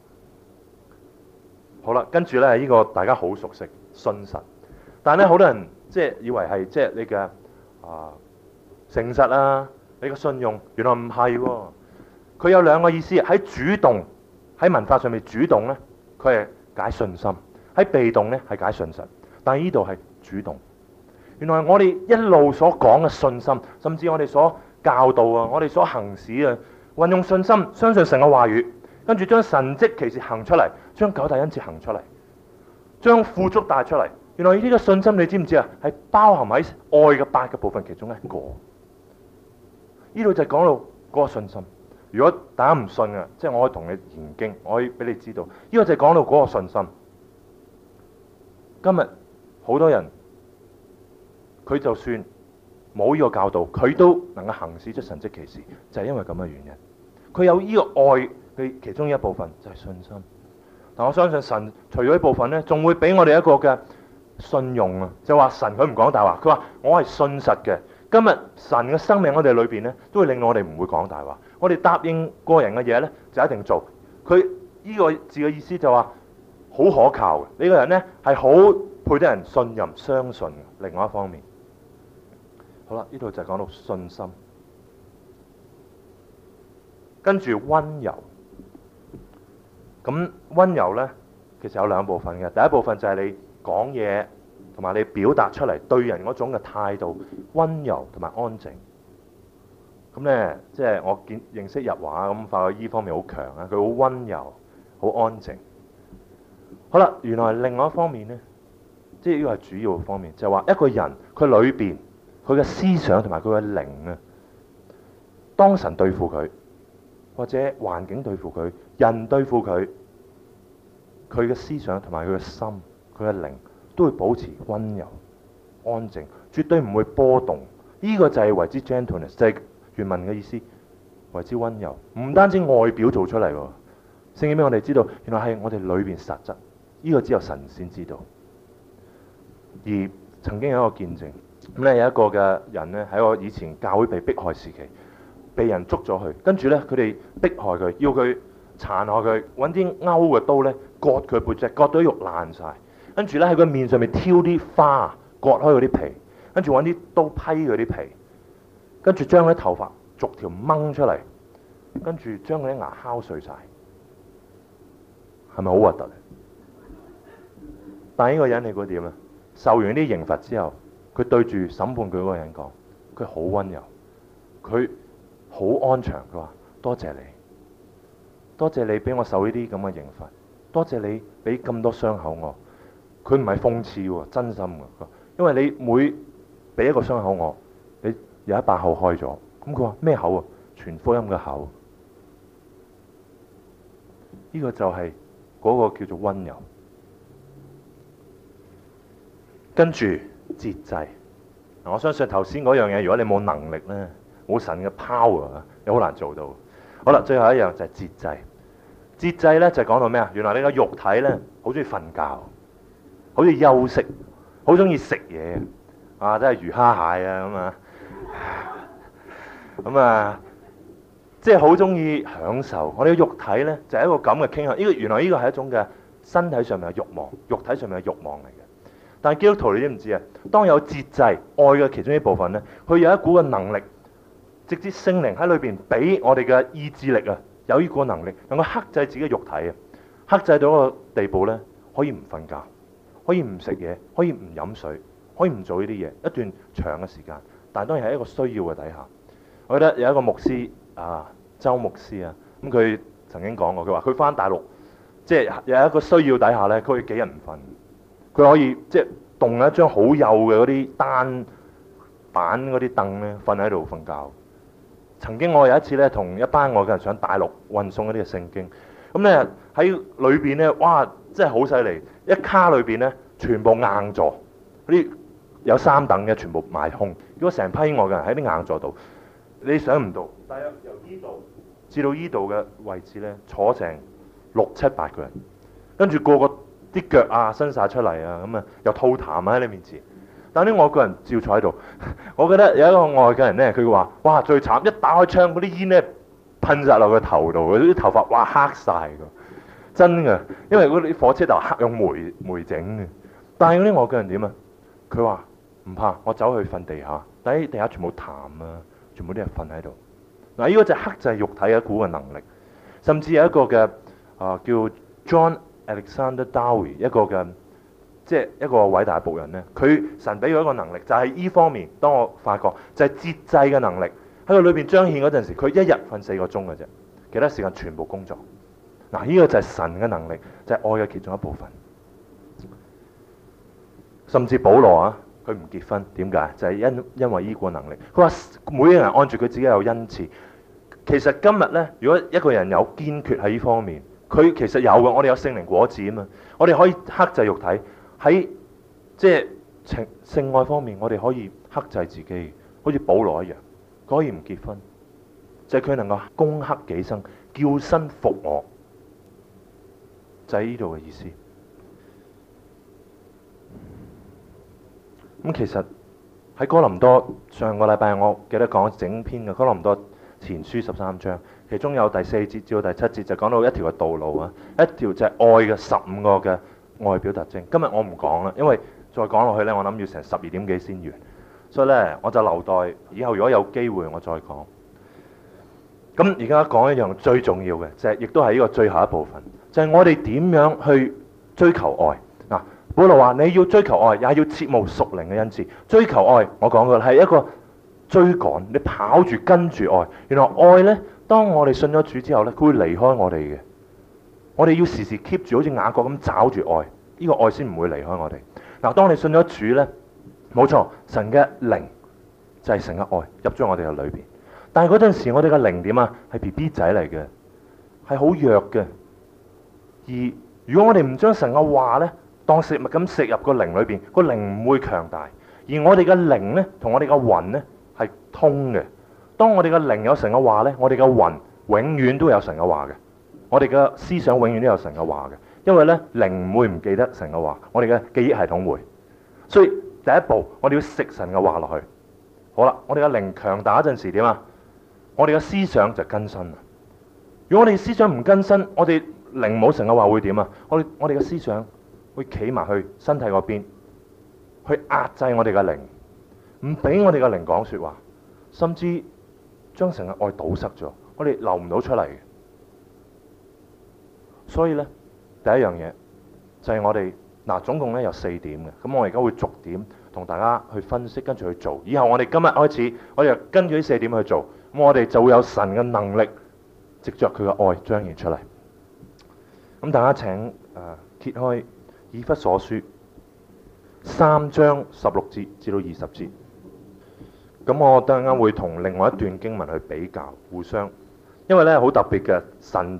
好啦，跟住咧呢、呢個大家好熟悉，信神，但係咧好多人即係以為係即係你嘅啊誠實啊，你嘅信用原來唔係喎。佢有兩個意思，喺主動喺文化上面主動呢，佢係解信心；喺被動呢，係解信實。但係呢度係主動，原來我哋一路所講嘅信心，甚至我哋所教導啊、我哋所行使啊、運用信心相信神嘅話語，跟住將神蹟奇事行出嚟，將九大恩賜行出嚟，將富足帶出嚟。原來呢個信心，你知唔知啊？係包含喺愛嘅八個部分其中一個。呢度就講到嗰個信心。如果大家唔信啊，即係我可以同你研經，我可以俾你知道。呢、這個就係講到嗰個信心。今日好多人佢就算冇呢個教導，佢都能夠行使出神蹟奇事，就係、是、因為咁嘅原因。佢有呢個愛嘅其中一部分就係、是、信心。但我相信神除咗呢部分咧，仲會俾我哋一個嘅信用啊，就話、是、神佢唔講大話，佢話我係信實嘅。今日神嘅生命我哋裏邊咧，都會令到我哋唔會講大話。我哋答應個人嘅嘢呢，就一定做。佢呢個字嘅意思就話好可靠嘅，呢個人呢，係好配得人信任、相信嘅。另外一方面，好啦，呢度就講到信心。跟住温柔，咁温柔呢，其實有兩部分嘅。第一部分就係你講嘢同埋你表達出嚟對人嗰種嘅態度温柔同埋安靜。咁咧，即係我見認識日華咁，發覺依方面好強啊！佢好温柔，好安靜。好啦，原來另外一方面咧，即係呢個係主要嘅方面，就係話一個人佢裏邊佢嘅思想同埋佢嘅靈啊，當神對付佢，或者環境對付佢，人對付佢，佢嘅思想同埋佢嘅心，佢嘅靈都會保持温柔、安靜，絕對唔會波動。呢個就係為之 gentleness，就係。原文嘅意思為之温柔，唔單止外表做出嚟喎。聖經俾我哋知道，原來係我哋裏邊實質，呢個只有神先知道。而曾經有一個見證，咁咧，有一個嘅人咧，喺我以前教會被迫害時期，被人捉咗佢。跟住咧佢哋迫害佢，要佢殘害佢，揾啲鈎嘅刀咧割佢背脊，割到肉爛晒。跟住咧喺佢面上面挑啲花，割開佢啲皮，跟住揾啲刀批佢啲皮。跟住將佢啲頭髮逐條掹出嚟，跟住將佢啲牙敲碎晒，係咪好核突咧？但呢個人你估點啊？受完啲刑罰之後，佢對住審判佢嗰個人講，佢好温柔，佢好安詳。佢話：多謝你，多謝你俾我受呢啲咁嘅刑罰，多謝你俾咁多傷口我。佢唔係諷刺喎，真心嘅。因為你每俾一個傷口我。有一百號開咗，咁佢話咩口啊？全福音嘅口，呢、這個就係嗰個叫做温柔。跟住節制，我相信頭先嗰樣嘢，如果你冇能力咧，冇神嘅 power，你好難做到。好啦，最後一樣就係節制。節制咧就講、是、到咩啊？原來你個肉體咧，好中意瞓覺，好中意休息，好中意食嘢啊！真係魚蝦蟹啊咁啊～咁啊，即係好中意享受。我哋個肉體呢，就係一個咁嘅傾向。呢個原來呢個係一種嘅身體上面嘅慾望，肉體上面嘅慾望嚟嘅。但係基督徒，你知唔知啊？當有節制愛嘅其中一部分呢，佢有一股嘅能力，直接聖靈喺裏面俾我哋嘅意志力啊，有一股嘅能力，能夠克制自己嘅肉體啊，克制到個地步呢，可以唔瞓覺，可以唔食嘢，可以唔飲水，可以唔做呢啲嘢一段長嘅時間。但係當然係一個需要嘅底下。我覺得有一個牧師啊，周牧師啊，咁佢曾經講過，佢話佢翻大陸，即係有一個需要底下咧，佢可以幾日唔瞓，佢可以即係動一張好幼嘅嗰啲單板嗰啲凳咧，瞓喺度瞓覺。曾經我有一次咧，同一班外國人上大陸運送一啲嘅聖經，咁咧喺裏邊咧，哇！真係好犀利，一卡裏邊咧，全部硬座，嗰啲有三等嘅全部賣空，如果成批外國人喺啲硬座度。你想唔到，大約由呢度至到依度嘅位置咧，坐成六七八個人，跟住個個啲腳啊伸曬出嚟啊，咁啊又吐痰啊喺你面前。但係啲外國人照坐喺度，我覺得有一個外國人咧，佢話：哇，最慘！一打開窗嗰啲煙咧噴晒落佢頭度，嗰啲頭髮哇黑晒㗎，真㗎！因為嗰啲火車頭黑用煤煤整嘅，但係嗰啲外國人點啊？佢話唔怕，我走去瞓地下，但係地下全部痰啊。全部都係瞓喺度，嗱、這、呢個就係克制肉體嘅一股嘅能力，甚至有一個嘅啊、呃、叫 John Alexander Dowie，一個嘅即係一個偉大嘅僕人咧，佢神俾佢一個能力，就係、是、依方面。當我發覺就係、是、節制嘅能力喺佢裏邊彰顯嗰陣時候，佢一日瞓四個鐘嘅啫，其他時間全部工作。嗱、這、呢個就係神嘅能力，就係、是、愛嘅其中一部分，甚至保羅啊。佢唔結婚點解？就係因因為呢個能力。佢話每個人按住佢自己有恩賜。其實今日呢，如果一個人有堅決喺呢方面，佢其實有嘅。我哋有聖靈果子啊嘛，我哋可以克制肉體喺即係情性愛方面，我哋可以克制自己，好似保羅一樣，佢可以唔結婚，就係佢能夠攻克己身，叫身服我。就係呢度嘅意思。咁其實喺哥林多，上個禮拜，我記得講整篇嘅哥林多前書十三章，其中有第四節至到第七節就講到一條嘅道路啊，一條就係愛嘅十五個嘅外表特徵。今日我唔講啦，因為再講落去呢，我諗要成十二點幾先完，所以呢，我就留待以後如果有機會我再講。咁而家講一樣最重要嘅，就係亦都係呢個最後一部分，就係、是、我哋點樣去追求愛。保羅話：你要追求愛，也要切慕屬靈嘅恩賜。追求愛，我講過係一個追趕，你跑住跟住愛。原來愛呢，當我哋信咗主之後呢，佢會離開我哋嘅。我哋要時時 keep 住，好似雅各咁找住愛，呢、這個愛先唔會離開我哋嗱。當你信咗主呢，冇錯，神嘅靈就係、是、神嘅愛入咗我哋嘅裏邊。但係嗰陣時我哋嘅靈點啊？係 B B 仔嚟嘅，係好弱嘅。而如果我哋唔將神嘅話呢。當食物咁食入個靈裏邊，個靈唔會強大。而我哋嘅靈呢，同我哋嘅魂呢，係通嘅。當我哋嘅靈有神嘅話呢，我哋嘅魂永遠都有神嘅話嘅。我哋嘅思想永遠都有神嘅話嘅。因為呢靈唔會唔記得神嘅話，我哋嘅記憶系統會。所以第一步，我哋要食神嘅話落去。好啦，我哋嘅靈強大一陣時點啊？我哋嘅思想就更新啦！如果我哋思想唔更新，我哋靈冇神嘅話會點啊？我哋我哋嘅思想。會企埋去身體嗰邊，去壓制我哋嘅靈，唔俾我哋嘅靈講說話，甚至將成個愛堵塞咗，我哋流唔到出嚟嘅。所以咧，第一樣嘢就係、是、我哋嗱，總共咧有四點嘅。咁我而家會逐點同大家去分析，跟住去做。以後我哋今日開始，我哋就跟住呢四點去做，咁我哋就會有神嘅能力，藉着佢嘅愛彰顯出嚟。咁大家請誒、呃、揭開。以弗所書三章十六節至到二十節，咁我等陣間會同另外一段經文去比較互相，因為呢好特別嘅神，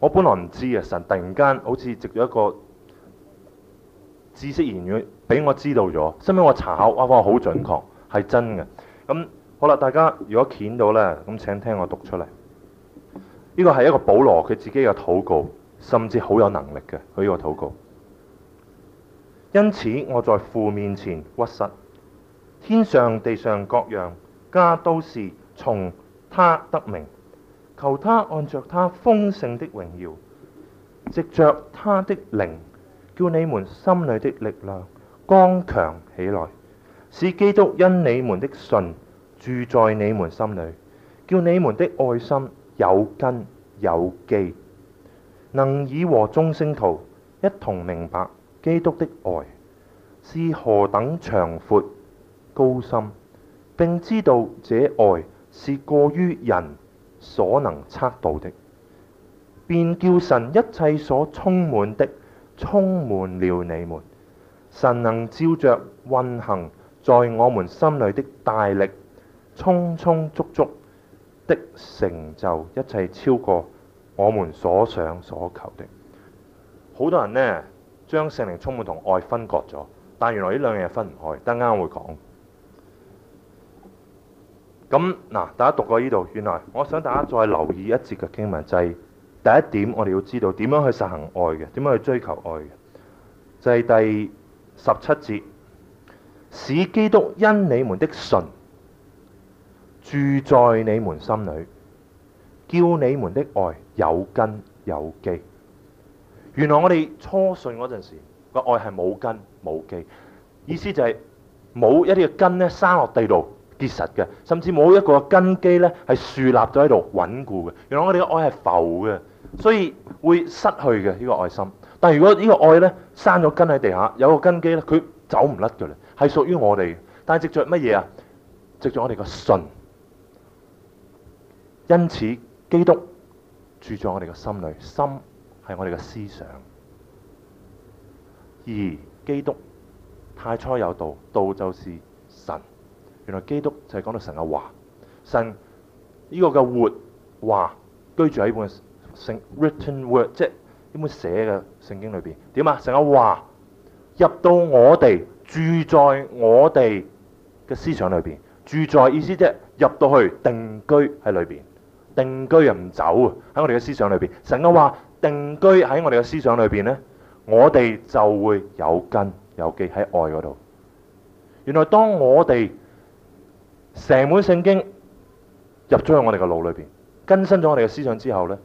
我本來唔知嘅神，突然間好似接咗一個知識言語，俾我知道咗。使唔使我查下？哇！我好準確，係真嘅。咁好啦，大家如果見到呢，咁請聽我讀出嚟。呢、這個係一個保羅佢自己嘅禱告，甚至好有能力嘅佢呢個禱告。因此我在父面前屈膝，天上地上各樣家都是從他得名，求他按着他豐盛的榮耀，藉着他的靈，叫你們心裏的力量剛強起來，使基督因你們的信住在你們心裏，叫你們的愛心有根有基，能以和眾聖徒一同明白。基督的愛是何等長闊高深，並知道這愛是過於人所能測度的，便叫神一切所充滿的充滿了你們。神能照着運行在我們心裏的大力，充充足足的成就一切，超過我們所想所求的。好多人呢，將聖靈充滿同愛分割咗，但原來呢兩樣嘢分唔開，等陣會講。咁嗱，大家讀過呢度，原來我想大家再留意一節嘅經文，就係、是、第一點，我哋要知道點樣去實行愛嘅，點樣去追求愛嘅，就係、是、第十七節，使基督因你們的信住在你們心裏，叫你們的愛有根有基。原來我哋初信嗰陣時，個愛係冇根冇基，意思就係冇一啲嘅根咧生落地度結實嘅，甚至冇一個根基咧係樹立咗喺度穩固嘅。原來我哋嘅愛係浮嘅，所以會失去嘅呢個愛心。但如果呢個愛咧生咗根喺地下，有個根基咧，佢走唔甩嘅啦，係屬於我哋。但係藉著乜嘢啊？藉著我哋個信。因此，基督住在我哋個心裏，心。係我哋嘅思想，而基督太初有道，道就是神。原來基督就係講到神嘅話，神呢個嘅活話居住喺一本聖 written word，即係呢本寫嘅聖經裏邊。點啊？神嘅話入到我哋，住在我哋嘅思想裏邊，住在意思即係入到去定居喺裏邊，定居又唔走啊喺我哋嘅思想裏邊，神嘅話。定居喺我哋嘅思想裏邊呢，我哋就會有根有基喺愛嗰度。原來當我哋成本聖經入咗去我哋個腦裏邊，更新咗我哋嘅思想之後呢，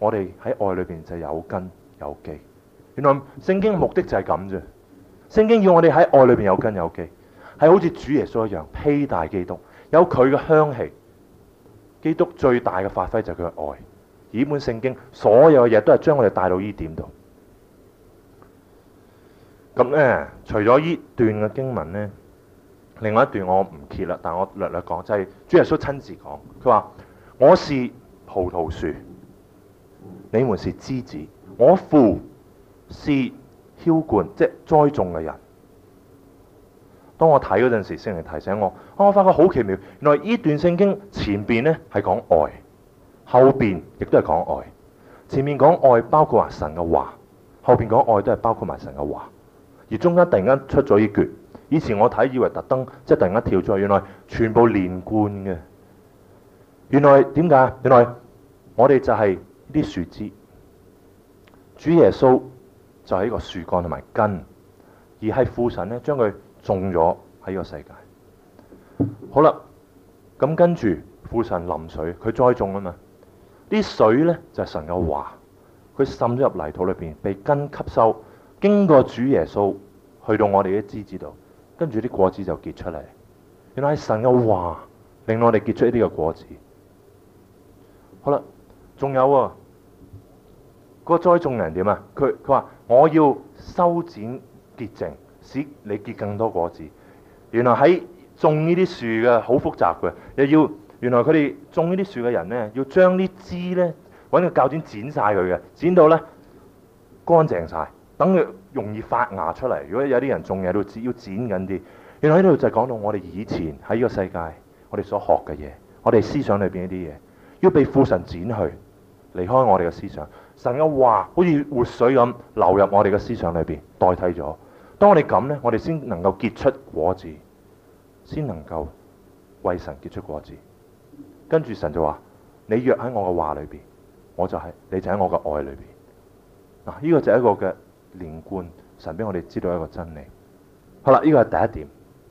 我哋喺愛裏邊就係有根有基。原來聖經嘅目的就係咁啫。聖經要我哋喺愛裏邊有根有基，係好似主耶穌一樣披戴基督，有佢嘅香氣。基督最大嘅發揮就係佢嘅愛。以本聖經，所有嘅嘢都係將我哋帶到呢點度。咁咧，除咗呢段嘅經文咧，另外一段我唔揭啦，但係我略略講，就係、是、主耶穌親自講，佢話：我是葡萄樹，你們是枝子，我父是澆灌，即係栽種嘅人。當我睇嗰陣時，聖靈提醒我，我發覺好奇妙，原來呢段聖經前邊咧係講愛。後邊亦都係講愛，前面講愛包括埋神嘅話，後邊講愛都係包括埋神嘅話，而中間突然間出咗呢橛，以前我睇以為特登即係突然間跳咗，原來全部連貫嘅，原來點解？原來我哋就係啲樹枝，主耶穌就係呢個樹幹同埋根，而係父神咧將佢種咗喺呢個世界。好啦，咁跟住父神淋水，佢栽種啊嘛。啲水咧就係神嘅話，佢滲咗入泥土裏邊，被根吸收，經過主耶穌去到我哋嘅枝子度，跟住啲果子就結出嚟。原來係神嘅話令到我哋結出呢啲嘅果子。好啦，仲有啊，個栽種人點啊？佢佢話我要修剪潔淨，使你結更多果子。原來喺種呢啲樹嘅好複雜嘅，又要。原來佢哋種呢啲樹嘅人呢，要將啲枝呢揾個鉸剪剪晒佢嘅，剪到呢乾淨晒，等佢容易發芽出嚟。如果有啲人種嘢都要剪緊啲，原來喺度就講到我哋以前喺呢個世界，我哋所學嘅嘢，我哋思想裏邊一啲嘢，要被父神剪去，離開我哋嘅思想，神嘅話好似活水咁流入我哋嘅思想裏邊，代替咗。當我哋咁呢，我哋先能夠結出果子，先能夠為神結出果子。跟住神就話：你若喺我嘅話裏邊，我就係、是、你；就喺我嘅愛裏邊嗱。呢、啊這個就係一個嘅連貫，神俾我哋知道一個真理。好啦，呢、這個係第一點，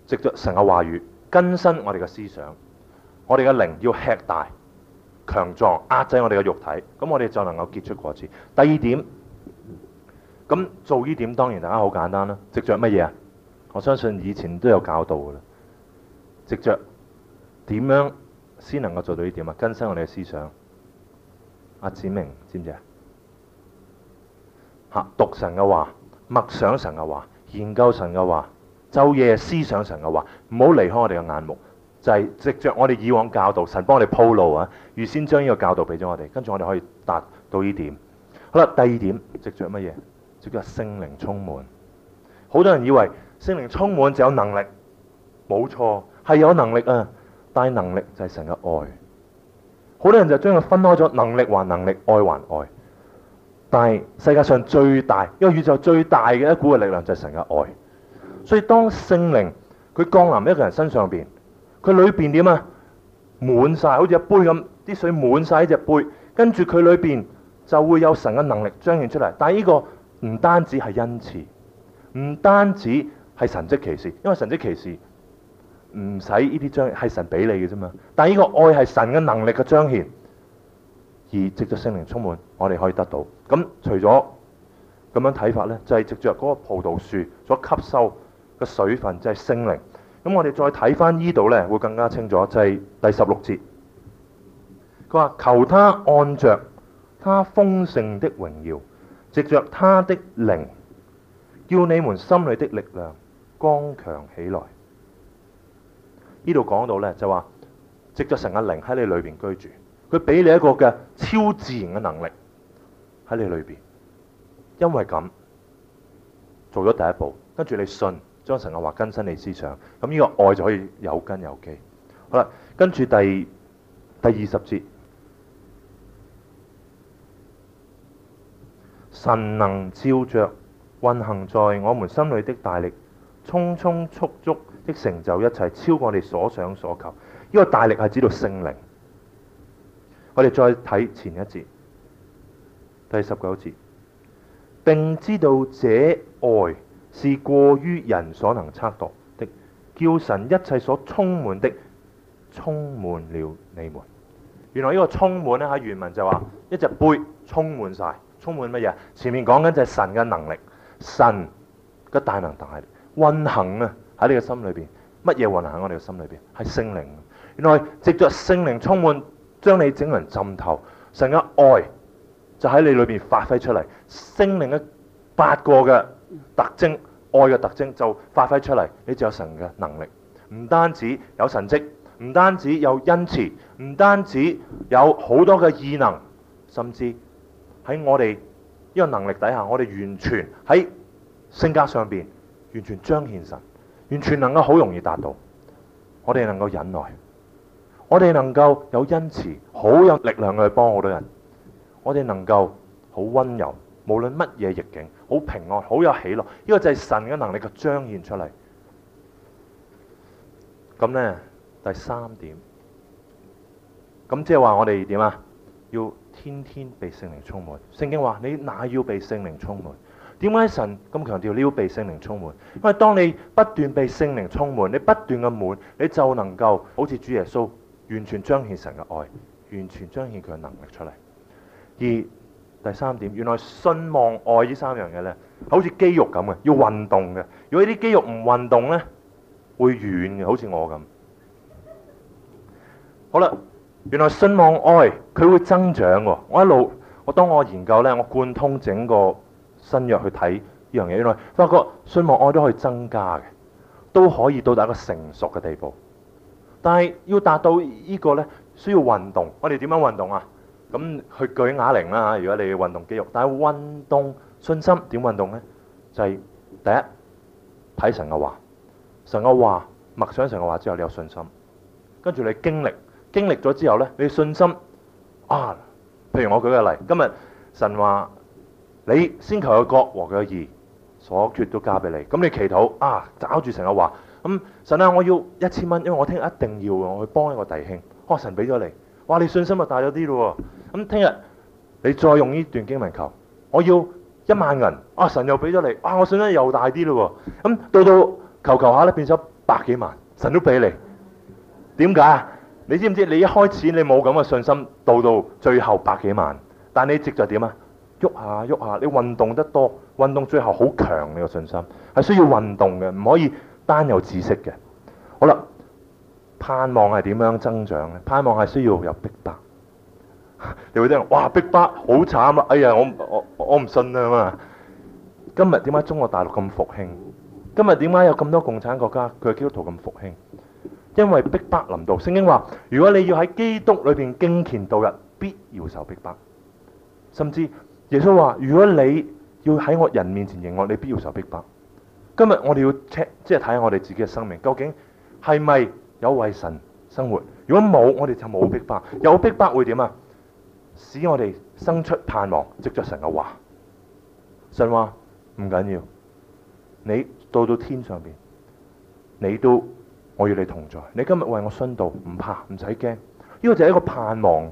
藉着神嘅話語，更新我哋嘅思想，我哋嘅靈要吃大強壯，壓制我哋嘅肉體，咁我哋就能夠結出果子。第二點，咁做呢點當然大家好簡單啦。藉着乜嘢啊？我相信以前都有教導噶啦。藉着點樣？先能夠做到呢點啊！更新我哋嘅思想，阿展明知唔知啊？嚇、啊，讀神嘅話，默想神嘅話，研究神嘅話，晝夜思想神嘅話，唔好離開我哋嘅眼目，就係、是、藉著我哋以往教導，神幫我哋鋪路啊！預先將呢個教導俾咗我哋，跟住我哋可以達到呢點。好啦，第二點，藉著乜嘢？藉著聖靈充滿。好多人以為聖靈充滿就有能力，冇錯，係有能力啊！但能力就係神嘅愛，好多人就將佢分開咗，能力還能力，愛還愛。但係世界上最大，一個宇宙最大嘅一股嘅力量就係神嘅愛。所以當聖靈佢降臨一個人身上邊，佢裏邊點啊？滿晒，好似一杯咁，啲水滿晒喺隻杯，跟住佢裏邊就會有神嘅能力彰顯出嚟。但係呢個唔單止係恩賜，唔單止係神蹟奇事，因為神蹟奇事。唔使呢啲將係神俾你嘅啫嘛，但係呢個愛係神嘅能力嘅彰顯，而藉著聖靈充滿，我哋可以得到。咁除咗咁樣睇法咧，就係藉著嗰個葡萄樹所吸收嘅水分，就係聖靈。咁我哋再睇翻呢度咧，會更加清楚，就係第十六節。佢話：求他按著他豐盛的榮耀，藉著他的靈，叫你們心裏的力量剛強起來。呢度講到呢，就話藉着神嘅靈喺你裏邊居住，佢俾你一個嘅超自然嘅能力喺你裏邊，因為咁做咗第一步，跟住你信，將神嘅話更新你思想，咁呢個愛就可以有根有基。好啦，跟住第第二十節，神能照着運行在我們心裏的大力。匆匆足足的成就一切，超過你所想所求。呢個大力係指到聖靈。我哋再睇前一節，第十九節，並知道這愛是過於人所能測度的，叫神一切所充滿的，充滿了你們。原來呢個充滿呢，喺原文就話一隻杯充滿晒，充滿乜嘢？前面講緊就係神嘅能力，神嘅大能大力。運行啊！喺你嘅心裏邊，乜嘢運行？喺我哋嘅心裏邊係聖靈。原來藉着聖靈充滿，將你整個人浸透，神嘅愛就喺你裏邊發揮出嚟。聖靈嘅八個嘅特徵，愛嘅特徵就發揮出嚟。你就有神嘅能力，唔單止有神蹟，唔單止有恩慈，唔單止有好多嘅異能，甚至喺我哋呢個能力底下，我哋完全喺性格上邊。完全彰顯神，完全能夠好容易達到。我哋能夠忍耐，我哋能夠有恩慈，好有力量去幫好多人。我哋能夠好溫柔，無論乜嘢逆境，好平安，好有喜樂。呢個就係神嘅能力嘅彰顯出嚟。咁呢，第三點，咁即係話我哋點啊？要天天被聖靈充滿。聖經話：你哪要被聖靈充滿？點解神咁強調你要被聖靈充滿？因為當你不斷被聖靈充滿，你不斷嘅滿，你就能夠好似主耶穌完全彰顯神嘅愛，完全彰顯佢嘅能力出嚟。而第三點，原來信望愛呢三樣嘢咧，好似肌肉咁嘅，要運動嘅。如果啲肌肉唔運動咧，會軟嘅，好似我咁。好啦，原來信望愛佢會增長。我一路我當我研究咧，我貫通整個。新約去睇呢樣嘢，原來發覺信望愛都可以增加嘅，都可以到達一個成熟嘅地步。但係要達到呢個咧，需要運動。我哋點樣運動啊？咁去舉啞鈴啦！如果你要運動肌肉，但係運動信心點運動咧？就係第一睇神嘅話，神嘅話默想神嘅話之後，你有信心。跟住你經歷經歷咗之後咧，你信心啊？譬如我舉個例，今日神話。你先求個國和個義，所缺都加俾你。咁你祈禱啊，搞住成日話咁、嗯、神啊，我要一千蚊，因為我聽日一定要，我去幫一個弟兄。哦，神俾咗你，哇，你信心咪大咗啲咯？咁聽日你再用呢段經文求，我要一萬銀，啊，神又俾咗你，哇、啊，我信心又大啲咯？咁、嗯、到到求求下咧，變咗百幾萬，神都俾你。點解啊？你知唔知？你一開始你冇咁嘅信心，到到最後百幾萬，但你值在點啊？喐下喐下，你運動得多，運動最後好強。你個信心係需要運動嘅，唔可以單有知識嘅。好啦，盼望係點樣增長咧？盼望係需要有逼迫。 你會聽，哇逼迫好慘啊！哎呀，我我我唔信啊嘛。今日點解中國大陸咁復興？今日點解有咁多共產國家佢嘅基督徒咁復興？因為逼迫臨到，聖經話：如果你要喺基督裏面敬虔度日，必要受逼迫，甚至。耶穌話：如果你要喺我人面前認我，你必要受逼迫。今日我哋要 check，即係睇下我哋自己嘅生命，究竟係咪有為神生活？如果冇，我哋就冇逼迫。有逼迫會點啊？使我哋生出盼望，藉着神嘅話。神話唔緊要，你到到天上邊，你都我與你同在。你今日為我殉道，唔怕，唔使驚。呢個就係一個盼望。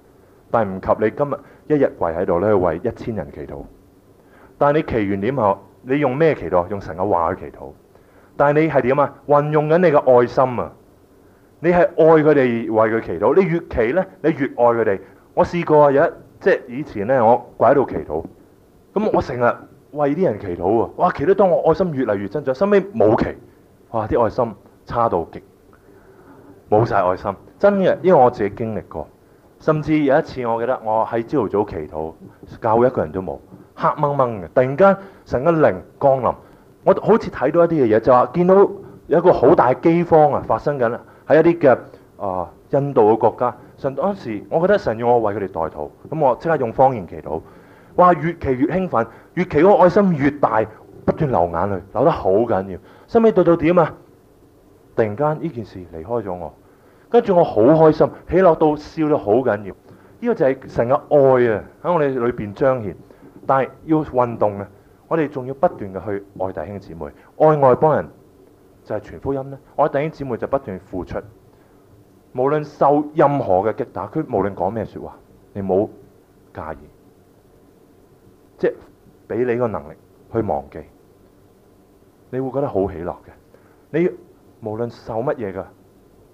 但係唔及你今日一日跪喺度咧，為一千人祈禱。但係你祈完點啊？你用咩祈禱？用神嘅話去祈禱。但係你係點啊？運用緊你嘅愛心啊！你係愛佢哋，為佢祈禱。你越祈咧，你越愛佢哋。我試過啊，有即係以前咧，我跪喺度祈禱。咁我成日為啲人祈禱喎。哇，祈得多，當我愛心越嚟越增長。收尾冇祈，哇！啲愛心差到極，冇晒愛心。真嘅，因為我自己經歷過。甚至有一次，我記得我喺朝頭早祈禱，教會一個人都冇，黑掹掹嘅。突然間，神嘅靈降臨，我好似睇到一啲嘅嘢，就話、是、見到有個好大饑荒啊，發生緊啦，喺一啲嘅啊印度嘅國家。神當時，我覺得神要我為佢哋代禱，咁我即刻用方言祈禱。哇，越祈越興奮，越祈個愛心越大，不斷流眼淚，流得好緊要。收尾到到點啊？突然間呢件事離開咗我。跟住我好開心，喜樂到笑得好緊要。呢個就係成個愛啊，喺我哋裏邊彰顯。但係要運動呢，我哋仲要不斷嘅去愛弟兄姊妹，愛外邦人就係傳福音，我哋愛弟兄姊妹就不斷付出，無論受任何嘅擊打，佢無論講咩說話，你冇介意，即係俾你個能力去忘記，你會覺得好喜樂嘅。你無論受乜嘢嘅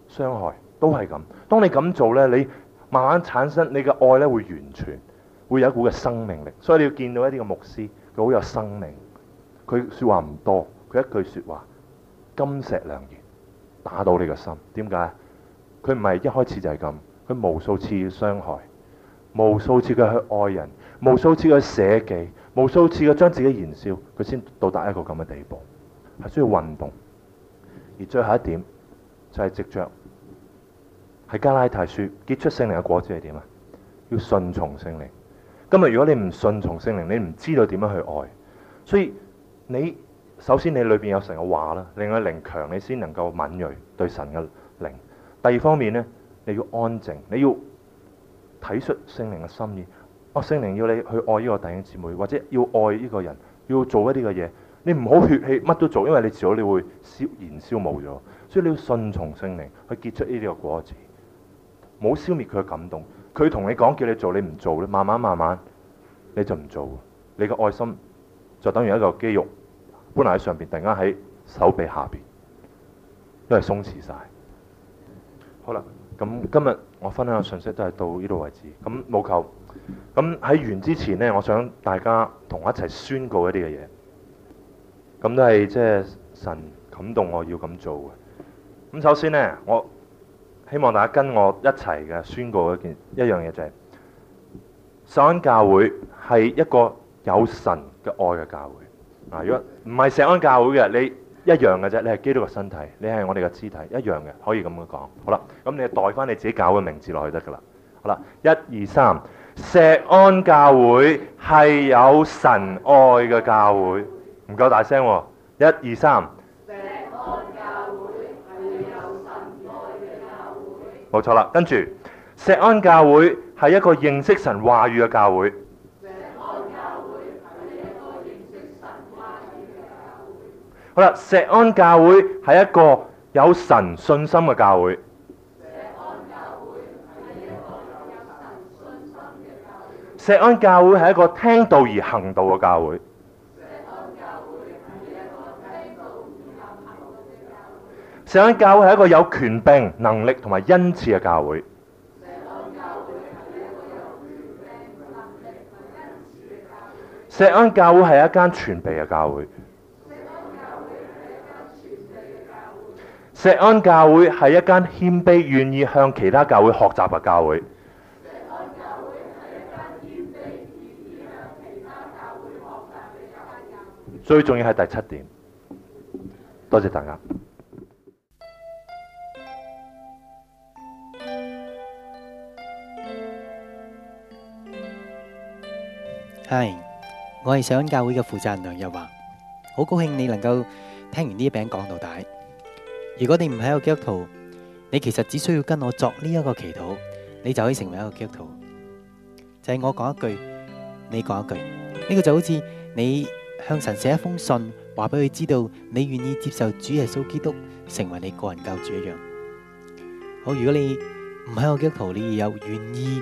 傷害。都係咁。當你咁做咧，你慢慢產生你嘅愛咧，會完全會有一股嘅生命力。所以你要見到一啲嘅牧師，佢好有生命。佢説話唔多，佢一句説話金石良言打到你個心。點解？佢唔係一開始就係咁，佢無數次嘅傷害，無數次嘅去愛人，無數次嘅捨己，無數次嘅將自己燃燒，佢先到達一個咁嘅地步。係需要運動。而最後一點就係藉著。喺加拉太書結出聖靈嘅果子係點啊？要順從聖靈。今日如果你唔順從聖靈，你唔知道點樣去愛。所以你首先你裏面有神嘅話啦，令個靈強，你先能夠敏銳對神嘅靈。第二方面呢，你要安靜，你要睇出聖靈嘅心意。哦，聖靈要你去愛呢個弟兄姊妹，或者要愛呢個人，要做一啲嘅嘢。你唔好血氣乜都做，因為你遲早你會燃燒無咗。所以你要順從聖靈去結出呢啲嘅果子。冇消滅佢嘅感動，佢同你講叫你做，你唔做咧，慢慢慢慢你就唔做，你嘅愛心就等於一個肌肉本來喺上邊，突然間喺手臂下邊，都係鬆弛晒。好啦，咁今日我分享嘅信息都係到呢度為止。咁冇求，咁喺完之前呢，我想大家同我一齊宣告一啲嘅嘢。咁都係即係神感動我要咁做嘅。咁首先呢，我。希望大家跟我一齊嘅宣告一件一樣嘢，就是、就係錫安教會係一個有神嘅愛嘅教會。嗱、啊，如果唔係錫安教會嘅，你一樣嘅啫，你係基督嘅身體，你係我哋嘅肢體，一樣嘅，可以咁樣講。好啦，咁你代翻你自己教會嘅名字落去得噶啦。好啦，一二三，錫安教會係有神愛嘅教會，唔夠大聲喎，啊！一二三，冇錯啦，跟住錫安教會係一個認識神話語嘅教會。錫安教會係一個認識神話語嘅教會。好啦，錫安教會係一個有神信心嘅教會。錫安教會係一個有神信心嘅教會。錫安教會係一個聽道而行道嘅教會。石安教會係一個有權柄、能力同埋恩賜嘅教會。石安教會係一間全備嘅教會。石安教會係一間謙卑、願意向其他教會學習嘅教會。石安教會係一間謙卑、願意向其他教會學習嘅教會。最重要係第七點。多謝大家。Hi，我係上教會嘅負責人梁日華，好高興你能夠聽完呢一篇講道大。如果你唔喺個基督徒，你其實只需要跟我作呢一個祈禱，你就可以成為一個基督徒。就係我講一句，你講一句，呢個就好似你向神寫一封信，話俾佢知道你願意接受主耶穌基督成為你個人救主一樣。好，如果你唔喺個基督徒，你又有願意？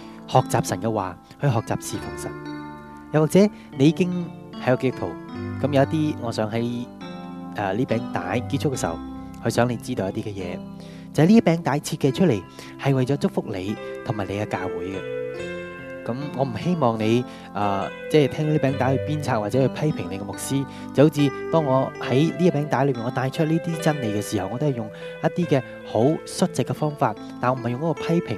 學習神嘅話，去學習侍奉神。又或者你已經喺有基督徒，咁有一啲，我想喺誒呢餅帶結束嘅時候，去想你知道一啲嘅嘢，就係呢一餅帶設計出嚟係為咗祝福你同埋你嘅教會嘅。咁我唔希望你誒即係聽呢餅帶去鞭策或者去批評你嘅牧師，就好似當我喺呢一餅帶裏面，我帶出呢啲真理嘅時候，我都係用一啲嘅好率直嘅方法，但係我唔係用嗰個批評